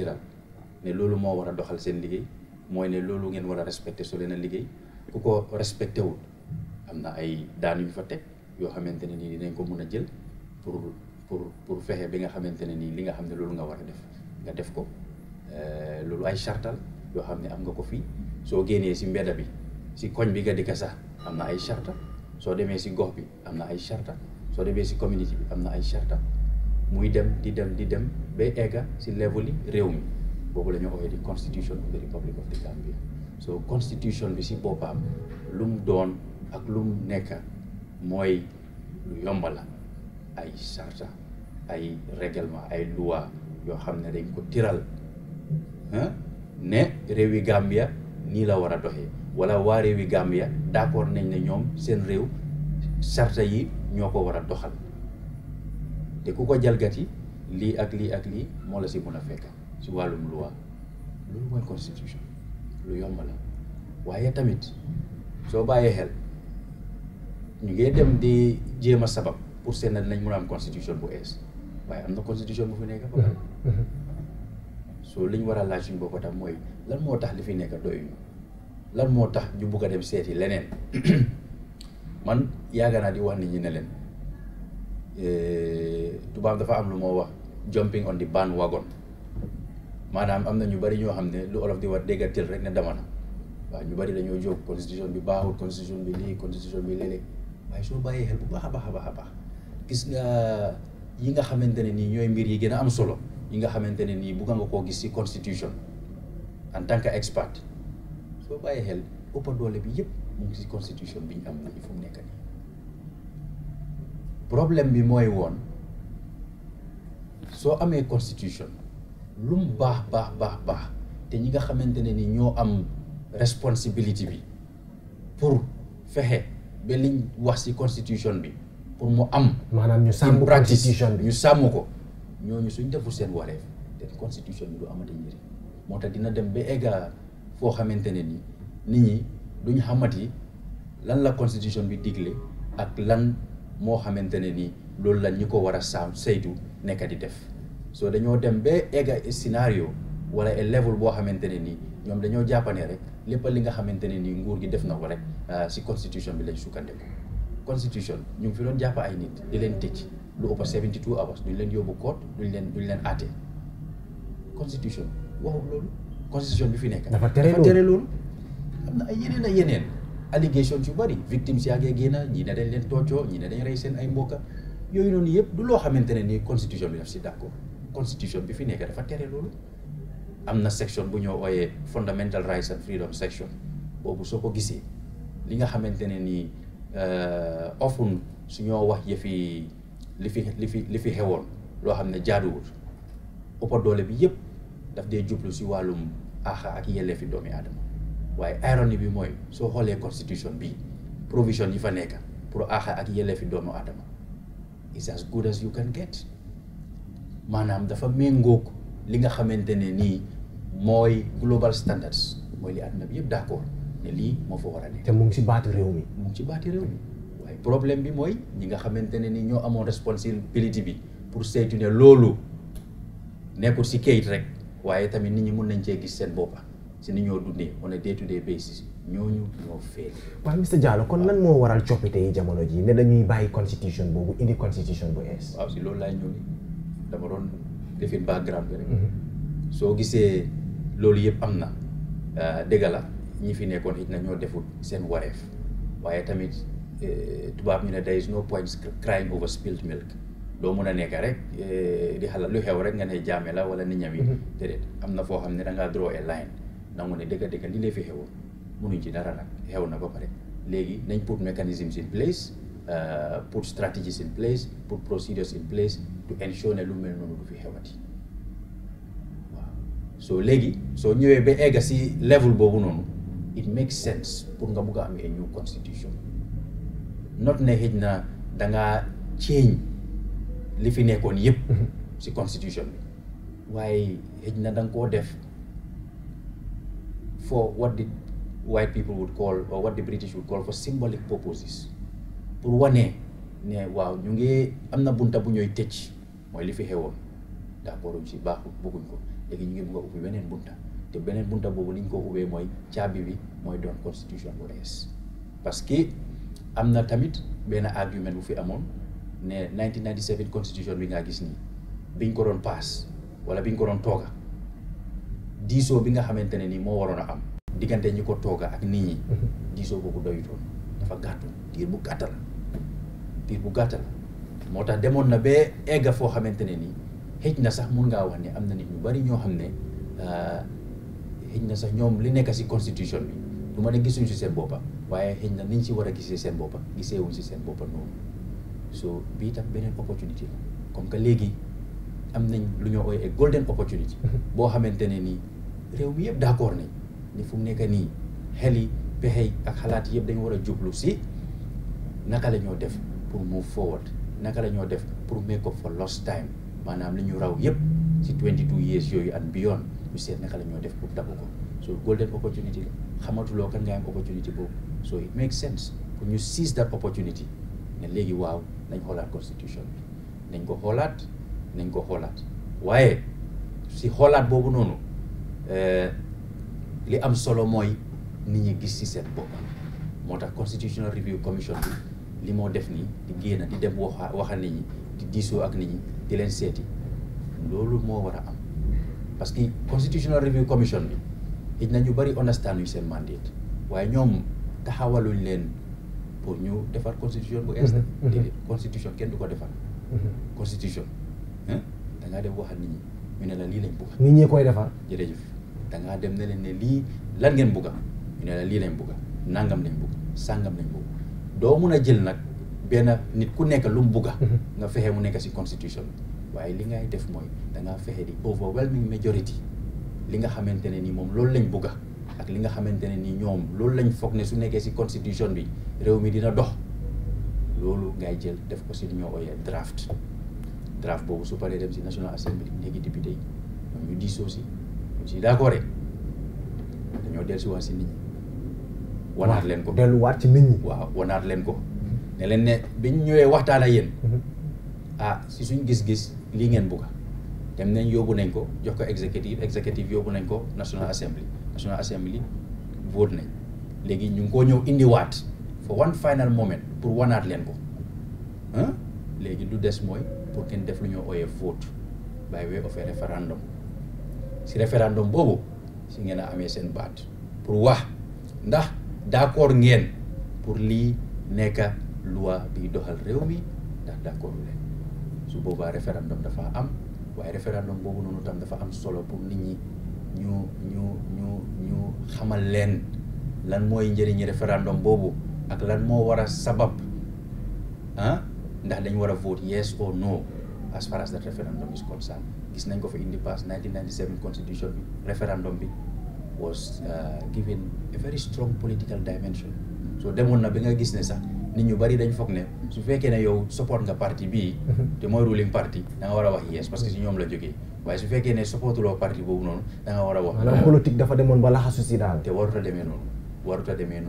ne loolu moo war a doxal seen liggéey mooy ne loolu ngeen war a respecté su leen a liggéey ku ko respecté wul am na ay daan yu fa teg yoo xamante ne nii dinañ ko mën a jël pour pour pour fexe bi nga xamante ne nii li nga xam ne loolu nga war a def nga def ko euh, loolu ay chartal yoo xam ne am nga ko fii soo génnee si mbedda bi si koñ bi nga dëkk sax am na ay charta soo demee si gox bi am na ay charta soo demee si community bi am na ay charta muy dem di dem di dem bay egga si level réew mi boobu la ñu ooyee di constitution of the Republic of the constitution bi si boppam lu mu doon ak lu mu nekk mooy lu yomba la ay sarta ay règlement ay loi yoo xam ne dañ ko tiral ne réewi Gambia nii la war a doxee wala waa réewi Gambia d'accord nañ ne ñoom seen réew sarta yi ñoo ko war a doxal te ku ko jalgati lii ak lii ak lii moo la si mën a fekk si wàllum loi loolu mooy constitution lu yomb la waaye tamit soo bàyyee xel ñu ngi dem di jéem a sabab pour seen na dinañ mun a am constitution bu ees waaye am na constitution bu fi nekk ba pare mm-hmm. mm-hmm. soo liñ war a laaj suñu bopp tam mooy lan moo tax li fi nekk doyuñu lan moo tax ñu bugg a dem seeti leneen man yàgg naa di wax nit ñi ne leen Eh, tubaab dafa am lu moo wax jumping on the wagon maanaam am na ñu bari ñoo xam ne lu olof di war déggatil rek ne dama na waaw ñu bari dañoo jóg constitution bi baaxul constitution bi lii constitution bi léeg-léeg waaye soo bàyyee xel bu baax a baax a baax a baax gis nga yi nga xamante ne nii ñooy mbir yi gën a am solo yi nga xamante ne nii bugg nga koo gis ci constitution en tant que expert soo bàyyee xel ëpp doole bi yëpp mu gis ci constitution bi ñu am nañu mu nekk problème bi mooy woon soo amee constitution lu mu baax baax baax baax te ñi nga xamante ne ni ñoo am responsabilité bi pour fexe ba liñ wax ci constitution bi pour mu am. maanaam ñu sàmm constitution bi ñu sàmm ko ñooñu suñ deful seen wareef te constitution bi du amati njëriñ moo tax dina dem ba egga foo xamante ne ni nit ñi duñ yi lan la constitution bi digle ak lan. moo xamante ne ni loolu la ñu ko war a saam saytu nekk di def so dañoo dem ba egga scénario wala a boo xamante ne ni ñoom dañoo jàppane rek lépp li nga xamante ne ni nguur gi def na ko rek ah, si constitution bi lañ sukkandiku constitution ñu ngi fi doon jàpp ay nit di leen tëj lu ëpp 72 hours duñ leen yóbbu court duñ leen duñ leen àtte constitution waxul loolu constitution bi fi nekk dafa tere loolu am na ay yeneen a yeneen allégations yu bëri victimes yaa ngee génn ñii ne dañ leen toojoo ñii ne dañ rey seen ay mbokka yooyu noonu yëpp du loo xamante ne nii constitution bi daf si bi fi nekk dafa tere am na section bu ñoo ooyee fundamental rights and freedom section boobu soo ko gisee li nga xamante ne nii euh, often su wax yëfi li fi li fi li fi loo xam ne jaaduwul ëpp doole bi yëpp daf dee jublu si wàllum aaxa ak yelleefi doomi aadama waaye ironie bi mooy soo xoolee constitution bi provision yi fa nekk pour aaxa ak yelleefi doonu aadama is as good as you can get maanaam dafa méngóog li nga xamante ne nii mooy global standards mooy li àdduna bi yëpp d'accord ne lii moo fa war a ne te moom si baati réew mi si baati réew waaye problème bi mooy ñi nga xamante ne nii ñoo amoon responsibility bi pour saytu ne loolu nekkul si kayit rek waaye tamit nit ñi mun nañ cee gis seen boppa si ni ñoo dundee on a day to day basis ñooñu ñoo fee. waaw monsieur Diallo kon lan moo waral coppite yi jamono ji ne dañuy bàyyi constitution boobu indi constitution bu ees. waaw si loolu laay ñëw dama doon defi background bi rek. Mhm. soo gisee loolu yëpp am na ah, dëgg la ñi fi nekkoon xëy nañoo ñoo deful seen wareef waaye tamit eh, tubaab ñu ne there is no point crying over spilled milk doo mun a nekk rek eh, di xalaat lu xew rek nga ne jaame la wala ni ñam yi. Mhm. déedéet am foo xam ne da ngaa draw nangu ne dëgg dëgg li lay fi xewoon munuñ ci dara nag xew na ba pare léegi nañ put mechanisms euh, in place put strategies in place put procedures in place to ensure ne lu mel noonu du fi xewati waaw soo léegi soo ñëwee ba egga si level boobu noonu it makes sense pour nga bugg a am new constitution not ne xëj na danga change li fi nekkoon yëpp si constitution bi waaye xëj na danga koo def for what the white people would call or what the British would call for symbolic purposes pour wane ne waaw ñu ngi am na bunta bu ñooy tëj mooy li fi xewoon d'accorduñ si baaxul bëgguñ ko léegi ñu ngi bëgg a ubbi beneen bunta te beneen bunta boobu li ñu ko ubbee mooy caabi bi mooy doon constitution bu rees parce que am na tamit benn argument bu fi amoon ne 1997 constitution bi nga gis nii biñ ko doon paas wala ñu ko doon tooga diisoo bi nga xamante ne ni moo waroon a am diggante ñi ko tooga ak nit ñi mhm. diisoo boobu doyutoon dafa gàttu diir bu gàttal diir bu gàttal moo tax demoon na ba egga foo xamante ne ni xëj na sax mun ngaa wax ne am na nit ñu bari ñoo xam ne ah, xëj na sax ñoom li nekk si constitution bi du ma ne gisuñ si seen boppa waaye xëj na niñ si war a gisee seen boppa giseewuñ si seen boppa noonu so bii tax beneen opportunité la comme que léegi am nañ lu ñoo ooyee golden opportunity boo xamante ne nii réew mi yëpp d'accord nañ ni fu nekk nii xel yi pexe yi ak xalaat yëpp dañu war a jublu si naka lañoo def pour move forward naka lañoo def pour make ko for lost time maanaam li ñu raw yëpp si 22 years yooyu and beyond ñu seet naka la ñoo def pour dabu ko so golden opportunity la xamatuloo kan nga am opportunity boobu so it makes sense pour ñu seize that opportunity ne léegi waaw nañ xoolaat constitution bi nañ ko xoolaat nañ ko xoolaat waaye si xoolaat boobu noonu euh, li am solo mooy nit ñi gis si seen bopp moo tax constitutional review commission bi li moo def nii di génn di dem waxa waxa nit ñi di diisoo ak nit ñi di leen seeti loolu moo war a am parce que constitutional review commission bi xëj na ñu bëri understand yu seen mandate waaye ñoom taxawaluñ leen pour ñu defar constitution bu mm-hmm. est mm-hmm. déedéet constitution kenn du ko defar mm-hmm. constitution da ngaa dem waxal nit ñi ñu ne la lii lañ bugg. nit ñi koy defar. jërëjëf da ngaa dem ne leen ne lii lan ngeen bugg ñu ne la lii lañ bugg nangam lañ bugg sangam lañ bugg doo mun a jël nag benn nit ku nekk lu mu bugg mhm. nga fexe mu nekk si constitution waaye li ngay def mooy dangaa fexe di overwhelming majority li nga xamante ne nii moom loolu lañ bugg ak li nga xamante ne nii ñoom loolu lañ foog ne su nekkee si constitution bi réew mi dina dox loolu ngay jël def ko si lu ñoo ooyee draft. draft boobu su paree dem si National Assembly léegi député yi ñoom ñu diisoo si ñu si d'accord dañoo dellusiwaat si nit ñi. wanaat leen ko delluwaat ci nit ñi. waaw wanaat leen ko. Mhm. ne leen ne biñ ñëwee waxtaan ak yéen. Mhm. ah si suñ gis-gis lii ngeen bugga dem nañ yóbbu nañ ko jox ko exécutif exécutif yóbbu nañ ko National Assembly National Assembly vote nañ léegi ñu ngi koo ñëw indiwaat for one final moment pour wanaat leen ko léegi lu des mooy. pour ngeen def lu ñoo ooyee vote by way of a si référendum boobu si ngeen a amee seen baat pour wax ndax d'accord ngeen pour lii nekk loi bi doxal réew mi ndax d'accord leen su boobaa référendum dafa am waaye référendum boobu noonu tam dafa am solo pour nit ñi ñu ñu ñu ñu xamal leen lan mooy njëriñi référendum boobu ak lan moo war a sabab ah, ndax dañu war a vote yes o no as far as that referendum is concerned gis nañ ko fa indi pass 1997 constitution bi référendum bi was uh, given a very strong political dimension so demoon na bi nga gis ne sax nit ñu bari dañ foog ne su fekkee ne yow support nga parti bii te mooy ruling parti da nga war a wax yes parce que si ñoom la jógee waaye su fekkee ne supportuloo parti boobu noonu da nga war a wax maanaam dafa demoon ba laxasu si daal te warut a demee noonu warut a demee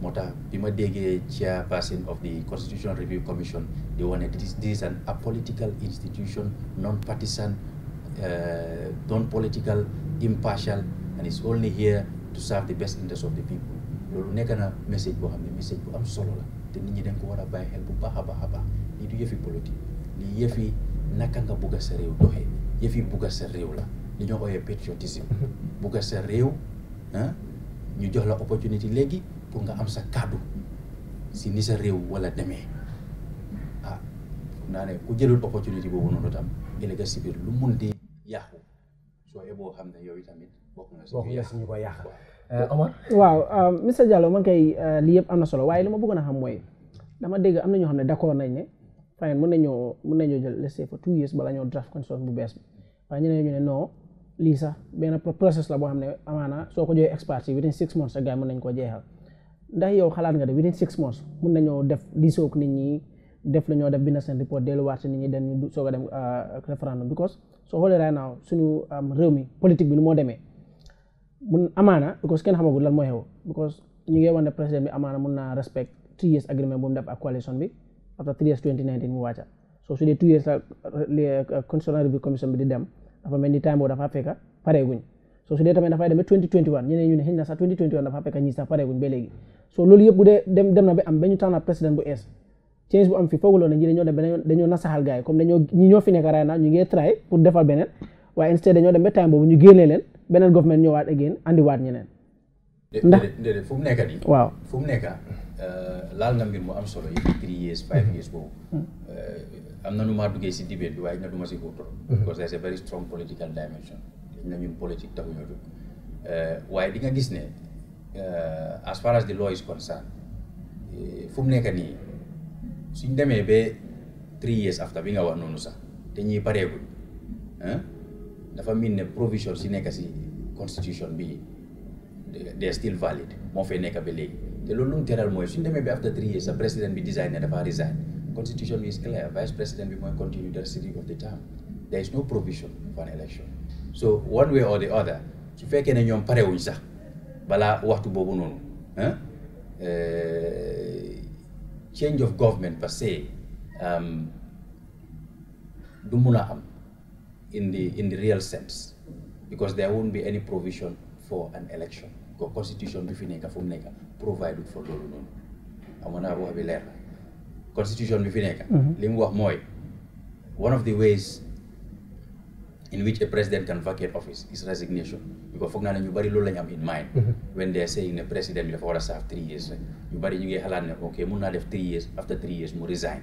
moo tax bi ma déggee chairperson of the constitution review commission di wane this is an apolitical institution non partisan uh, non political impartial and it's only here to serve the best interest of the people loolu nekk na message boo xam ne message bu am solo la te nit ñi dañ ko war a bàyyi xel bu baax a baax a baax lii du yëfi politique lii yëfi naka nga bugg a sa réew doxee yëfi bugg a sa réew la li ñoo ooyee patriotisme bugg a sa réew ah ñu jox la opportunité léegi pour nga am sa kàddu si ni sa réew wala demee ah naa ne ku jëlul opportunité boobu noonu tam ëllëg si biir lu mun di yàqu soo eboo xam ne yooyu tamit bokk na si ñu ko yàq euh, Omar waaw monsieur Diallo man kay euh, lii yëpp am na solo waaye li ma bëggoon a xam mooy dama dégg am na ñoo xam ne d'accord nañ ne fayeen mën nañoo mën nañoo jël laisser for two years bala ñoo draft constitution bu bees bi waaye ñeneen ñu ne non lii sax benn process la boo xam ne amaana soo ko joxee expert yi within six months sa gars ndax yow xalaat nga de within six months mun na nañoo def diisoo ak nit ñi def la ñoo def na and report delluwaat si nit ñi dañ ñu soog a dem uh, référendum because soo xoolee right now um, réew mi politique bi nu moo demee mun amaana because kenn xamagul lan moo xew because ñu ngi wax ne président bi amaana mun naa respect three years agreement bu mu def ak coalition bi after three years 2019 mu wàcca soo su dee two years la uh, constitutional review commission bi di dem dafa mel ni time boobu dafa fekka pareeguñ so su dee tamit dafay demee 2021 ñeneen ñu ne xëy na sax 2021 dafa fekk ñi sax pareeguñ ba léegi so loolu yëpp bu dem na ba am ba ñu tànn président bu ees change bu am fi fooguloo ne ñi dañoo dem ba time boobu ñu génnee leen beneen government ñëwaat again andiwaat ñeneen ndax déedéet fu nii waaw fu mu euh, laal nga mu am solo yi three years five years boobu hmm. euh, hmm. because there's a very strong political dimension ñoom politique taxuñoo jóg eh, waaye di nga gis ne eh, as far as the law is concerned eh, fu mu nekk nii suñ demee ba three years after bi nga wax noonu sax te ñuy pareegul dafa miin ne provision si nekk si constitution bi they still valid moo fay nekk ba léegi te loolu lu mu teral mooy suñ demee ba after three years sa président bi design ne dafa resign constitution bi is clear vice président bi mooy continue the sitting of the term there is no provision for so one way or the other su fekkee na ñoom parewuñ sax balaa waxtu boobu noonu ah change of government parce que um, du mun a am in the in the real sense because there won't be any provision for an election constitution bi fi nekk fu mu nekk provide for loolu noonu amoon naa wax bi leer na constitution bi fi nekk mhm. li mu wax mooy one of the ways in which a president can office is resignation because foog naa ne ñu bari loolu la ñu am in mind mhm. when they are saying ne président bi dafa war a serve three years rek ñu bari ñu ngi xalaat ne ok mun naa def three years after three years mu resign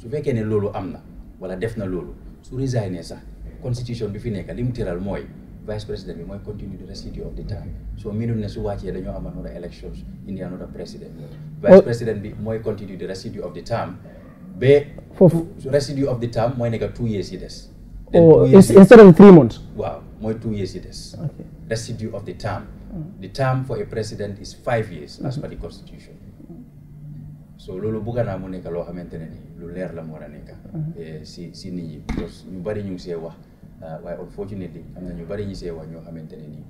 su fekkee ne loolu am na wala def na loolu su resigné sax constitution bi fi nekk li mu tëral mooy vice president bi mooy continue the residue of the term so miinul ne su wàccee dañoo am another mooy continue the residue of of the mooy nekk two years yi des oh instead of three months. waaw mooy two years yi des. ok residue of the term. Mm. a president is mm-hmm. so loolu bëgg naa mu nekk loo xamante ne nii lu leer la mu war a nekk. Mm-hmm. Eh, si si nit ñi ñu bari ñu ngi see ah, wax waaye unfortunately am na ñu bari ñu see wax ñoo xamante ne nii.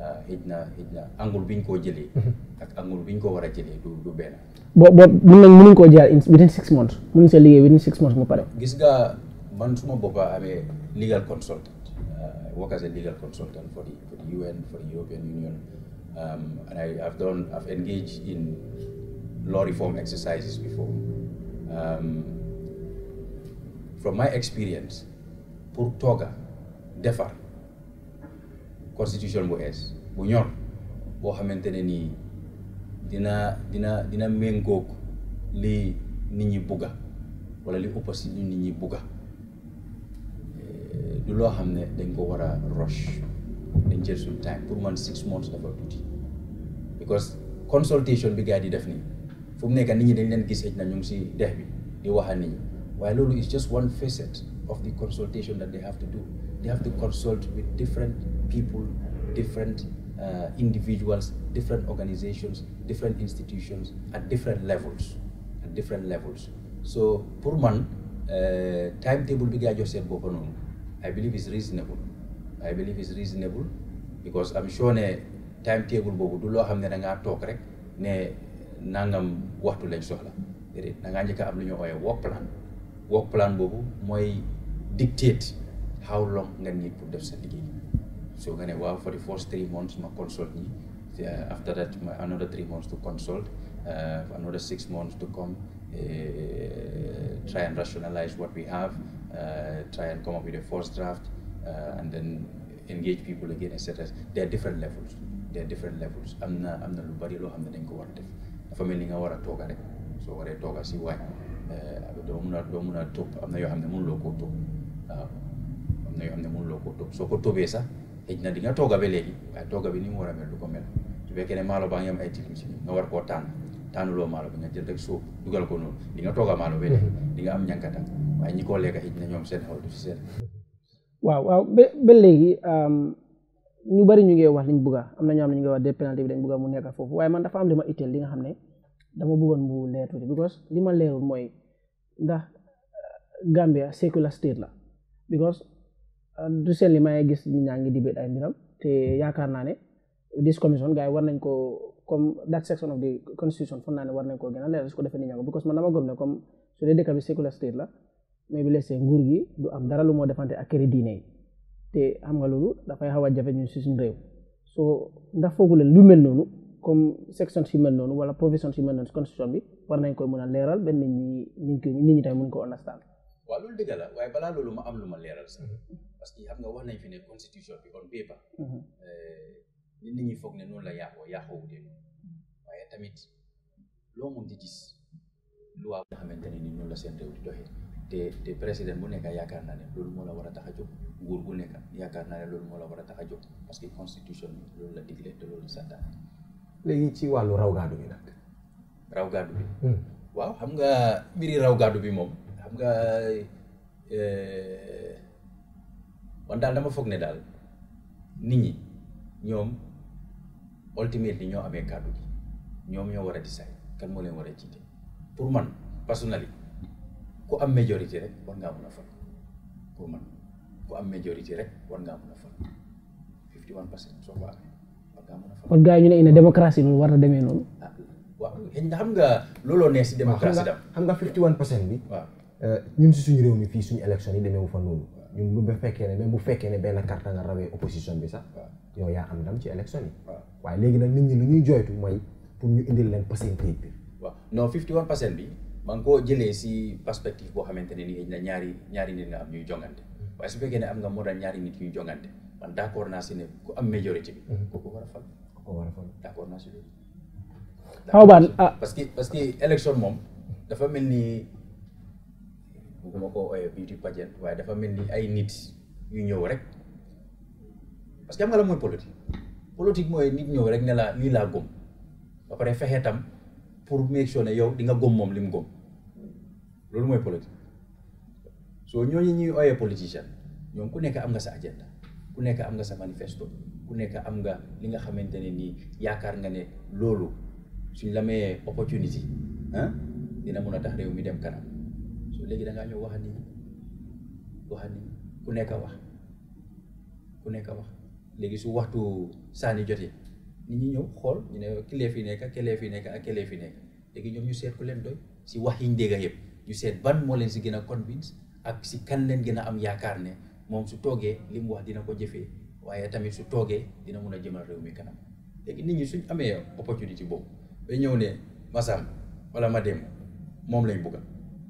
Ah, xëj na xëj na angul biñ koo jëlee. Mm-hmm. ak angul ñu ko war a jëlee du du benn. boo boo mun nañ mënuñ koo jaar within six months mun see liggéey within six months mu pare. gis nga man suma boppa amee. legal consultant, I uh, work as a legal consultant for the, for the UN, for the European Union, um, and I, have engaged in law reform exercises before. Um, from my experience, pour tooga defar constitution bu ees bu ñor boo xamante ne nii dina dina dina méngóog li nit ñi bugga wala li ëpp si nit ñi bugga loo xam ne dañ ko war a rush dañ jël suñu time pour man six months dafa tuuti because consultation bi gars yi di def nii fu mu nekk nit ñi dañ leen gis xëj na ñu ngi si dex bi di wax a nit ñi waaye loolu is just one facet of the consultation that they have to do they have to consult with different people different uh, individuals different organizations different institutions at different levels at different levels so pour man uh, timetable bi gars jox seen I believe is reasonable I believe is reasonable because I'm sure ne timetable boobu du loo xam ne da ngaa toog rek ne nangam waxtu lañ soxla dangaa da am lu ñu ooyee work plan boobu mooy dictate how long nga need pour def sa liggéey so nga ne waaw for the first three months ma consult ñi eh, after that another three months to consult eh, another six months to come eh, try and rationalize what we have Uh, try and come up with a first draft, uh, and then engage people again, etc. There are different levels. There are different levels. am na am na lu bari loo xam ne dañ ko war a def dafa mel ni nga war a tooga rek soo waree tooga si waañ uh, doo mun a doo mun a topp am na yoo xam ne mënuloo koo topp waaw na yoo xam ne mënuloo koo topp soo ko toppee sax xëy na di nga tooga ba léegi waaye tooga bi ni mu war a mel du ko mel su fekkee ne maalo baa ngi am ay tilim si nga war koo tànn tànnuloo maalo bi nga jël rek suuf dugal ko noonu di nga tooga maalo be léegi mm-hmm. di nga am ñankata waaw waaw ba ba léegi ñu bari ñu ngi wax liñ bugga am na ñoo xam ne ñu ngi wax de penalty bi dañ bugga mu nekk foofu waaye man dafa am li ma itteel li nga xam ne dama bëggoon mu leer tuuti because li ma leerul mooy ndax uh, Gambia secular state la because uh, du seen li may gis ñi ñaa ngi dibet ay mbiram te yaakaar naa ne this commission gars yi war nañ ko comme that section of the constitution foog war nañ ko gën a leer su ko defee ni ñaa because man dama mais bi lesee nguur gi du am dara lu moo defante ak këri diine yi te xam nga loolu dafay xaw a jafe ñu si suñu réew soo ndax foogu leen lu mel noonu comme section si mel noonu wala provision si mel noonu si constitution bi war nañ koy mën a leeral benn nit ñi nit ñi tamit mën ko understand waaw loolu dëgg la waaye ma am lu ma leeral mm-hmm. parce que xam nga wax nañ fi ne constitution bi on paper mm-hmm. euh, nit ñi foog ne noonu la yaaxoo yaaxoowu dee waaye tamit loo mun di gis loi nga xamante ne ni noonu la seen réew di doxee te te président bu nekk yaakaar naa ne loolu moo la war a tax a jóg nguur gu nekk yaakaar naa ne loolu moo la war a tax a jóg parce que constitution bi loolu la digle te loolu santaane. léegi ci wàllu raw gaadu bi nag. raw gaadu hmm. waaw xam nga mbiri raw gaadu bi moom xam nga eh, man daal dama foog ne daal nit ñi ñoom ultimately ñoo amee kàddu gi ñoom ñoo war a decide kan moo leen war a jiite pour man personnalité. ku am majorité rek war ngaa mën a fal pour man am majorité rek war ngaa mën a fal 51 pour cent soo ko amee war yi ñu ne ina démocratie noonu war na demee noonu. ah waaw xam nga looloo nee si démocratie dam xam nga 51 pour cent bi. waaw euh, ñun si suñu réew mi fii suñu élection yi demee wu fa noonu. ñun bu ba fekkee ne bu fekkee ne benn karta nga rawee opposition bi sax. yow yaa am ndam ci élection yi. waaye léegi nag nit ñi lu ñuy jooytu mooy pour ñu indil leen pourcentage bi. waaw non 51 pour bi. maa ngi koo jëlee si perspective boo xamante ne nii na ñaari ñaari nit nga am ñuy jongante waaye su fekkee ne am nga moo daan ñaari nit ñuy jongante man d' naa si ne ku am majorité bi. Mhm. ko war a fal. kooku war a fal d' accord naa si loolu. xaw ah parce que parce que élection moom dafa mel ni bëgguma koo ooyee beauty pageant waaye dafa mel nii ay nit yu ñëw rek parce que am nga la mooy politique politique mooy nit ñëw rek ne la lii laa gëm ba pare fexee tam. pour make sure ne yow di nga góom moom li mu góom loolu mooy politique soo ñooñu ñuy ooyee politicien ñoom ku nekk am nga sa agenda ku nekk am nga sa manifesto ku nekk am nga li nga xamante ne nii yaakaar nga ne loolu suñ la mayee opportunity ah dina mun a tax réew mi dem kanam soo léegi da ngaa ñëw wax ni wax ni ku nekk wax ku nekk wax léegi su waxtu saani jotee. nit ñi ñëw xool ñu ne kilee yi nekk ak yi fi nekk ak kilee fi nekk léegi ñoom ñu seet ku leen doy si wax yiñ dégg yëpp ñu seet ban moo leen si gën a convince ak si kan leen gën a am yaakaar ne moom su toogee li mu wax dina ko jëfee waaye tamit su toogee dina mun a jëmal réew mi kanam léegi nit ñi suñ amee opportunité boobu ba ñëw ne masam wala ma dem moom lañ bugga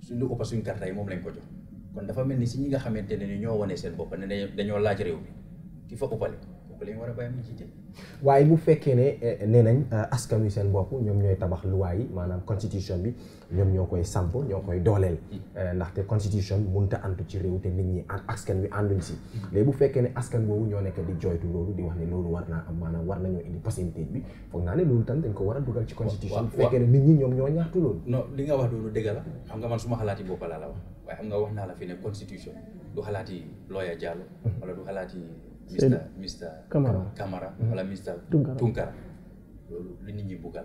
suñ lu ëpp suñ karta yi moom lañ ko jox kon dafa mel ni si ñi nga xamante ne ñoo wane seen bopp ne dañoo laaj réew mi ki fa li war a bàyyi mu jiite waaye bu fekkee ne eh, nee nañ eh, askan wi seen bopp ñoom ñooy tabax luwaay yi maanaam constitution bi ñoom ñoo koy samp ñoo koy dooleel eh, ndaxte constitution bi mënta ci réew te nit ñi askan wi ànduñ si bu fekkee ne askan boobu ñoo nekk di jooytu loolu di wax ne loolu war naa am maanaam war nañoo indi possibilité bi foog naa ne loolu tam dañ ko war a dugal ci constitution bu fekkee ne nit ñi ñoom ñoo ñaxtu loolu non li nga wax loolu dëgg la xam nga man suma xalaati bopp laa la wax waaye xam nga wax naa la fi ne constitution du xalaati looya Jallow mm-hmm. wala du xalaati Mr Mr Camara Camara mm-hmm. wala Mr Tunkara loolu li nit ñi bugg la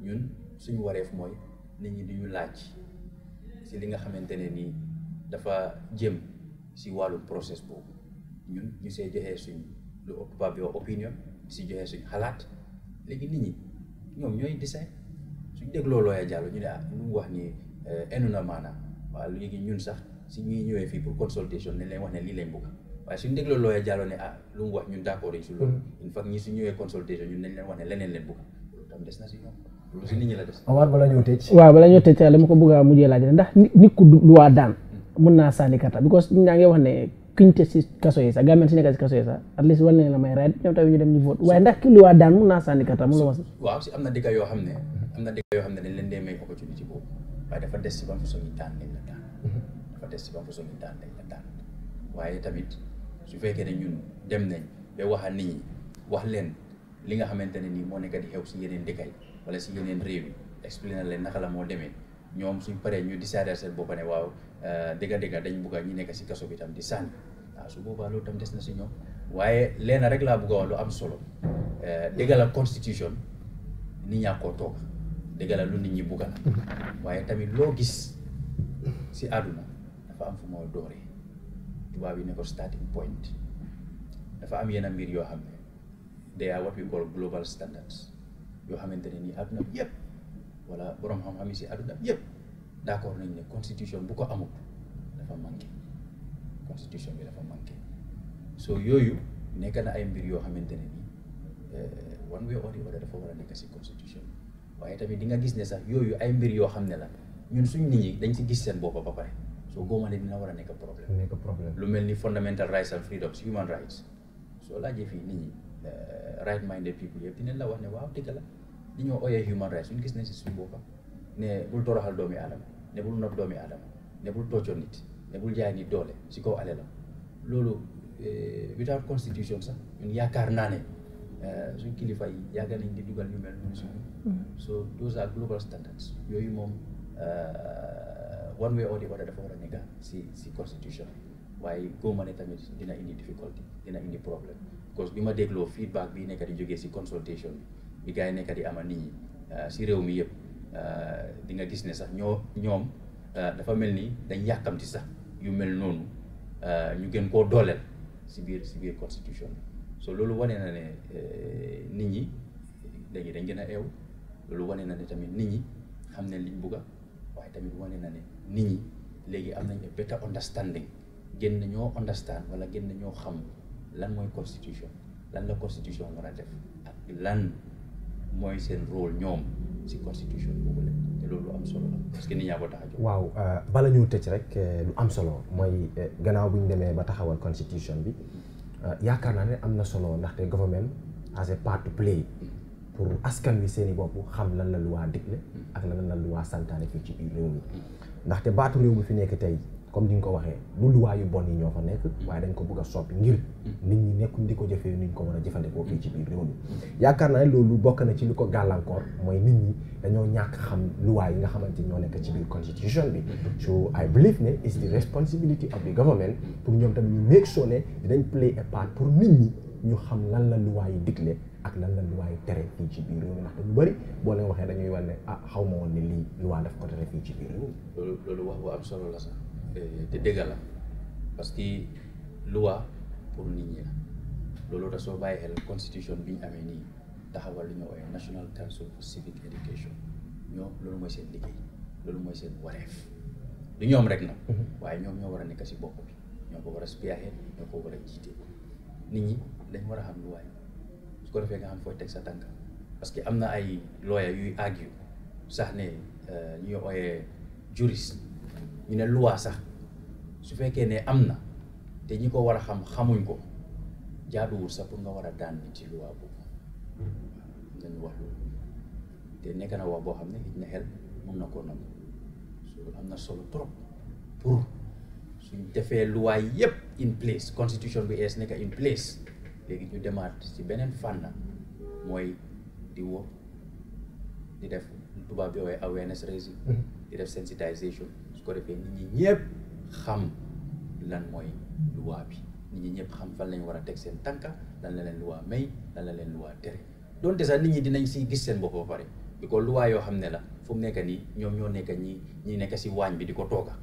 ñun suñu wareef mooy nit ñi duñu laaj si li nga xamante ne nii dafa jëm si wàllu process boobu ñun ñu see joxee suñ lu tubaab bi wax si joxee suñ xalaat léegi nit ñi ñoom ñooy desin suñ dégloo looya jàll ñu ne ah, lu mu wax nii eh, enu na maanaam waaw léegi ñun sax si ñuy ñëwee fii pour consultation ne leen wax ne lii lañ bugg waaye suñ dégloo looyee jàlloo ne ah lu mu wax ñun d' accord si loolu. in mm. fact ñi su ñëwee consultation ñun nañ leen wax ne leneen leen bëgg loolu tam des na si ñoom loolu si nit ñi la des. Ah, waaw bala laaj ndax nit ku luwaa daan mën mm. naa sànni kàttan because ñaa ngi wax ne kiñ te si kaso yi sax gaa si nekk si kaso yi sax at least war nañ la may raay ñoom tamit ñu dem ñu na ma si. waaw si am yoo xam ne am xam ne dañ leen dee may opportunité boobu waaye si ban façon ñu daan lañ la daan mm-hmm. dafa tamit su fekkee na ñun dem nañ ba waxal nit ñi wax leen li nga xamante ne nii moo nekka di xew si yeneen dëkk yi wala si yeneen réew yi expliqué leen naka la moo demee ñoom suñ paree ñu décider seen bopp ne waaw dëgg-dëgg euh, dañ bugg ñu nekk si kaso bi tam di sànni waaw su boobaa loolu tam des na si ñoom waaye leen rek laa bugg a wax lu am solo euh, dëgg la constitution nit ñaa koo toog dëgg la lu nit ñi bugg la waaye tamit loo gis si àdduna dafa am tubaab yi ne ko starting point dafa am yenn mbir yoo xam ne they are what we call global standards yoo xamante ne nii àdduna bi yëpp wala borom xam-xam yi si àdduna yëpp d' accord nañ ne constitution bu ko amut dafa manqué constitution bi dafa manqué so yooyu nekk na ay mbir yoo xamante ne nii eh, one way or the other dafa war a nekk si constitution waaye tamit di nga gis ne sax yooyu ay mbir yoo xam ne la ñun suñ nit ñi dañ si gis seen bopp ba pare. soo góomalee dina war a nekk problème. nekk problème lu mel ni fundamental rights and freedoms human rights soo laajee fii nit ñi eh, right minded people yëpp dinañ la wax ne waaw dëgg la li ñoo ooyee human rights suñ gis nañ si suñu boppam ne bul toroxal doomi aadama ne bul nopp doomi aadama ne bul toocoo nit ne bul jaay nit doole si kaw ale la loolu eh, without constitution sax ñun yaakaar naa ne eh, suñ kilifa yi yàgg nañ di dugal ñu mel ni suñu mm-hmm. so those are global standards yooyu moom one way or the other dafa war a nekk si si constitution waaye góoma ne tamit dina indi difficulté dina indi problème parce que bi ma dégloo feedback bi nekk di jógee si consultation bi bi gars yi nekk di ama nit ñi si réew mi yëpp uh, di nga gis ne sax ñoo ñoom uh, dafa mel ni dañ yàkkamti sax yu mel noonu uh, ñu gën koo dooleel si biir si biir constitution bi so loolu wane na ne eh, nit ñi dañuy dañ gën a eew eh, loolu wane na ne tamit nit ñi xam ne liñ bugga waaye tamit wane na ne nit ñi léegi am nañu better understanding gën nañoo understand wala gën ñoo xam lan mooy constitution lan la constitution war def ak lan mooy seen rôle ñoom si constitution boobu la te loolu am solo parce que nit ñaa ko tax a jóg waaw euh, bala ñu tëj rek euh, lu am solo mooy euh, gannaaw bu ñu demee ba taxawal constitution bi yaakaar naa ne am na solo ndaxte government as a part to play pour askan wi seen i bopp xam lan la lu loi digle ak lan la loi santaane fii ci biir réew ndaxte baatu réew mi fi nekk tey comme ni nga ko waxee bu luwaa yu bon yi ñoo fa nekk mm. waaye dañ ko bëgg a ngir mm. nit ñi nekkuñ di ko jëfee ni ñu ko war a jëfandikoo fii ci biir yaakaar naa loolu bokk na ci li ko gàllankoor mooy nit ñi dañoo ñàkk xam luwaa yi nga xamante ñoo nekk ci biir constitution bi mm-hmm. so I believe ne it's the responsibility of the government pour ñoom tamit ñu make sure ne dinañ play a part pour nit ñi ñu xam lan la luwaa yi digle ak lan la loi yi tere fii ci biir réew mi ndax dañu bëri boo leen waxee dañuy wan ne ah xaw ma woon ne lii loi daf ko tere fii ci biir loolu loolu wax bu am solo la sax te dëgg la parce que loi pour nit ñi la loolu da soo bàyyi xel constitution bi ñu amee nii taxawal lu ñu ooye National Council for Civic Education ñoo loolu mooy seen liggéey loolu mooy seen wareef du ñoom rek nag mhm. waaye ñoom ñoo war a nekk si bopp bi ñoo ko war a spiaxee ñoo ko war a nit ñi dañ war a xam su ko defee nga xam fooy teg sa tànk parce que am na ay lawyer yuy argue sax ne euh, ñuy ooyee juriste ñu ne loi sax su fekkee ne am na te ñi ko war a xam xamuñ ko jaaduwul sax pour nga war a daan nit ci loi boobu nañu wax loolu te nekk na wax boo xam ne xëy na xel mun na koo nangu so na solo trop pour suñ defee loi yépp in place constitution bi ees nekk in place léegi ñu demaat ci beneen fànn mooy di woo di def tubaab bi woowee awareness raising mhm. di def sensitisation su ko defee nit ñi ñëpp xam lan mooy luwaa bi nit ñi ñëpp xam fan lañu war a teg seen tànka lan la leen luwaa may lan la leen luwaa tere donte sax nit ñi dinañ si gis seen bopp ba pare bi ko luwaa yoo xam ne la fu mu nekk nii ñoom ñoo nekk ñi ñi nekk si waañ bi di ko tooga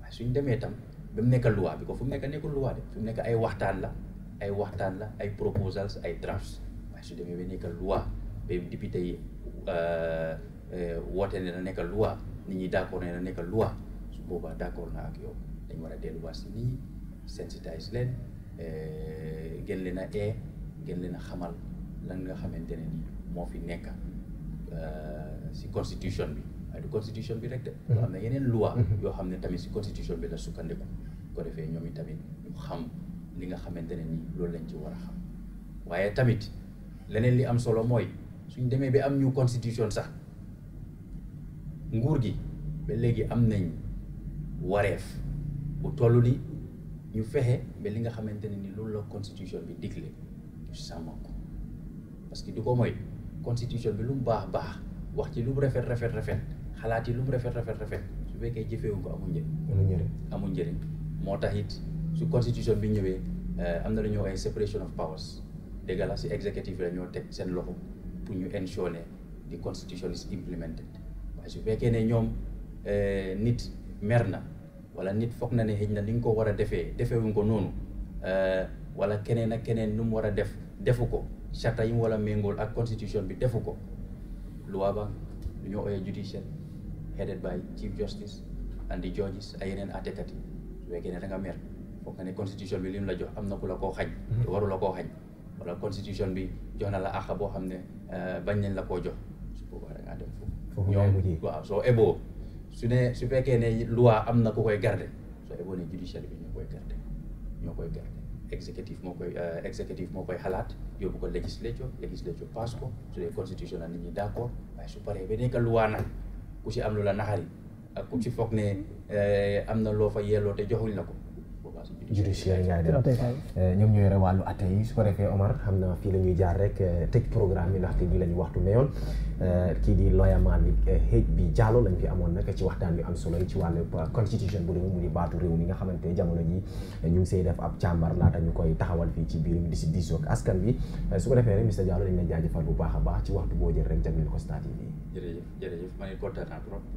waaye suñ demee tam ba mu nekk luwaa bi ko fu mu nekk nekkul luwaa de nekk ay waxtaan la ay waxtaan la ay proposals ay drafts waaye su demee ba nekk loi ba député yi euh, euh, woote ne na nekka loi nit ñi d'accord ne na nekk loi su boobaa d'accord na ak yow dañ war a delluwaat si nit ñi sensitise leen euh, gën leen a ee gën leen a xamal lan nga xamante ne ni moo fi nekk si constitution bi waaye du constitution bi rek de yoo xam ne yeneen loi mm-hmm. yoo xam ne tamit si constitution bi la sukkandiku ko defee ñoom i tamit ñu xam li nga xamante ne ni loolu lañ ci war a xam waaye tamit leneen li am solo mooy suñ demee bi am ñu constitution sax nguur gi ba léegi am nañ wareef bu toll ni ñu fexe ba li nga xamante ne ni loolu la constitution bi digle ñu sàmm ko parce que du ko mooy constitution bi lu mu baax baax wax ci lu mu rafet rafet rafet xalaat yi lu mu rafet rafet rafet su fekkee jëfewu ko amul njëriñ amul njëriñ moo tax it su constitution bi ñëwee euh, am na lu ñuy wax ay separation of powers dégg la si exécutif la ñoo teg seen loxo pour ñu ensure ne the constitution is implemented waaye su fekkee ne ñoom euh, nit mer na walla nit foog na ne xëy na li nga ko war a defee defeewuñ ko noonu euh, wala keneen ak keneen nu mu war a def defu ko charte yi mu méngool ak constitution bi defu ko loi ba lu ñoo ooyee judicial headed by chief justice and the judges ay yeneen àttekat yi su fekkee ne da foog nga ne constitution bi li mu la jox am na ku la koo xañ mhm. te waru la koo xañ wala constitution bi jox na la àq boo xam ne euh, bañ nañ la koo jox su boobaa da ngaa dem foofu ñoom waaw su ne su fekkee ne loi am na ku koy garde soo eboo ne bi ñoo koy garde ñoo koy garde exécutif moo koy euh, exécutif moo koy xalaat yóbbu ko législature législature passe ko su dee constitution la nit ñi d' accord waaye su paree ba nekk loi nag ku si am lu la naxari ak ku si foog ne euh, am na loo fa yelloo te joxuñ la ko judiciaire Ndiaye de eh, ñoom ñoo yore wàllu atte yi su ko defee Omar xam na fii la ñuy jaar rek eh, tëj programme bi ndaxte lii la ñu waxtu mayoon eh, kii di loyamaan bi xëej bi Diallo lañ fi amoon nag ci waxtaan bi am solo ci wàllu constitution bu réew mu di baatu réew mi nga xamante jamono ji ñu ngi say def ab càmbar laata ñu koy taxawal fii ci biir mi di si diisoog askan bi su ko defee rek monsieur Diallo dañ la jaajëfal bu baax a baax ci waxtu boo jël rek jagleel ko stade yi jërëjëf jërëjëf ma ngi kontaan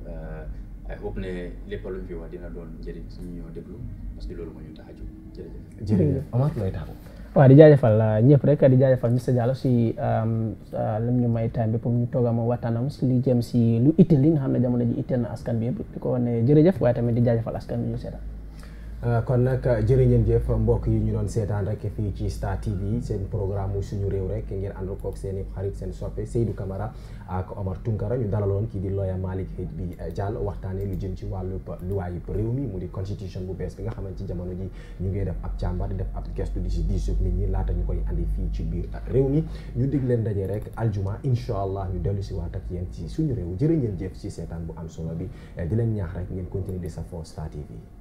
naa waaye eh, foog ne lépp lu fi wax dina doon njëriñ suñu ñoo déglu loolu moo ñu tax a jóg looy taxaw. waaw di jaajëfal euh, ñëpp rek di jaajëfal monsieur Diallo si euh, euh, lam ñu may time bi pour ñu toog a ma waxtaanam si li si lu itteel li nga xam ne jamono ji itteel na askan bi yëpp di ko wane jërëjëf waaye tamit di jaajafal askan bi ñu seetaan. Euh, kon nag euh, jërë ngeen jëf mbokk yi ñu doon seetaan rek fii ci Star TV seen programme mu suñu réew rek ngeen ànd koog seen i xarit seen soppe Seydou Camara ak Omar Tunkara ñu dalaloon kii di lawyer Malick Hedbi euh, Diallo waxtaanee lu jëm ci wàllu luwaay yu réew mi mu di constitution bu bees bi nga xamante ci jamono ji ñu ngi def ab càmbar di def ab gestu di si diisub nit ñi laata ñu koy indi fii ci biir réew mi ñu dig leen daje rek aljuma incha allah ñu dellu si ak yéen ci suñu réew jërë ngeen jëf ci seetaan bu bi di leen ñaax rek ngeen continuer di sa foo Star TV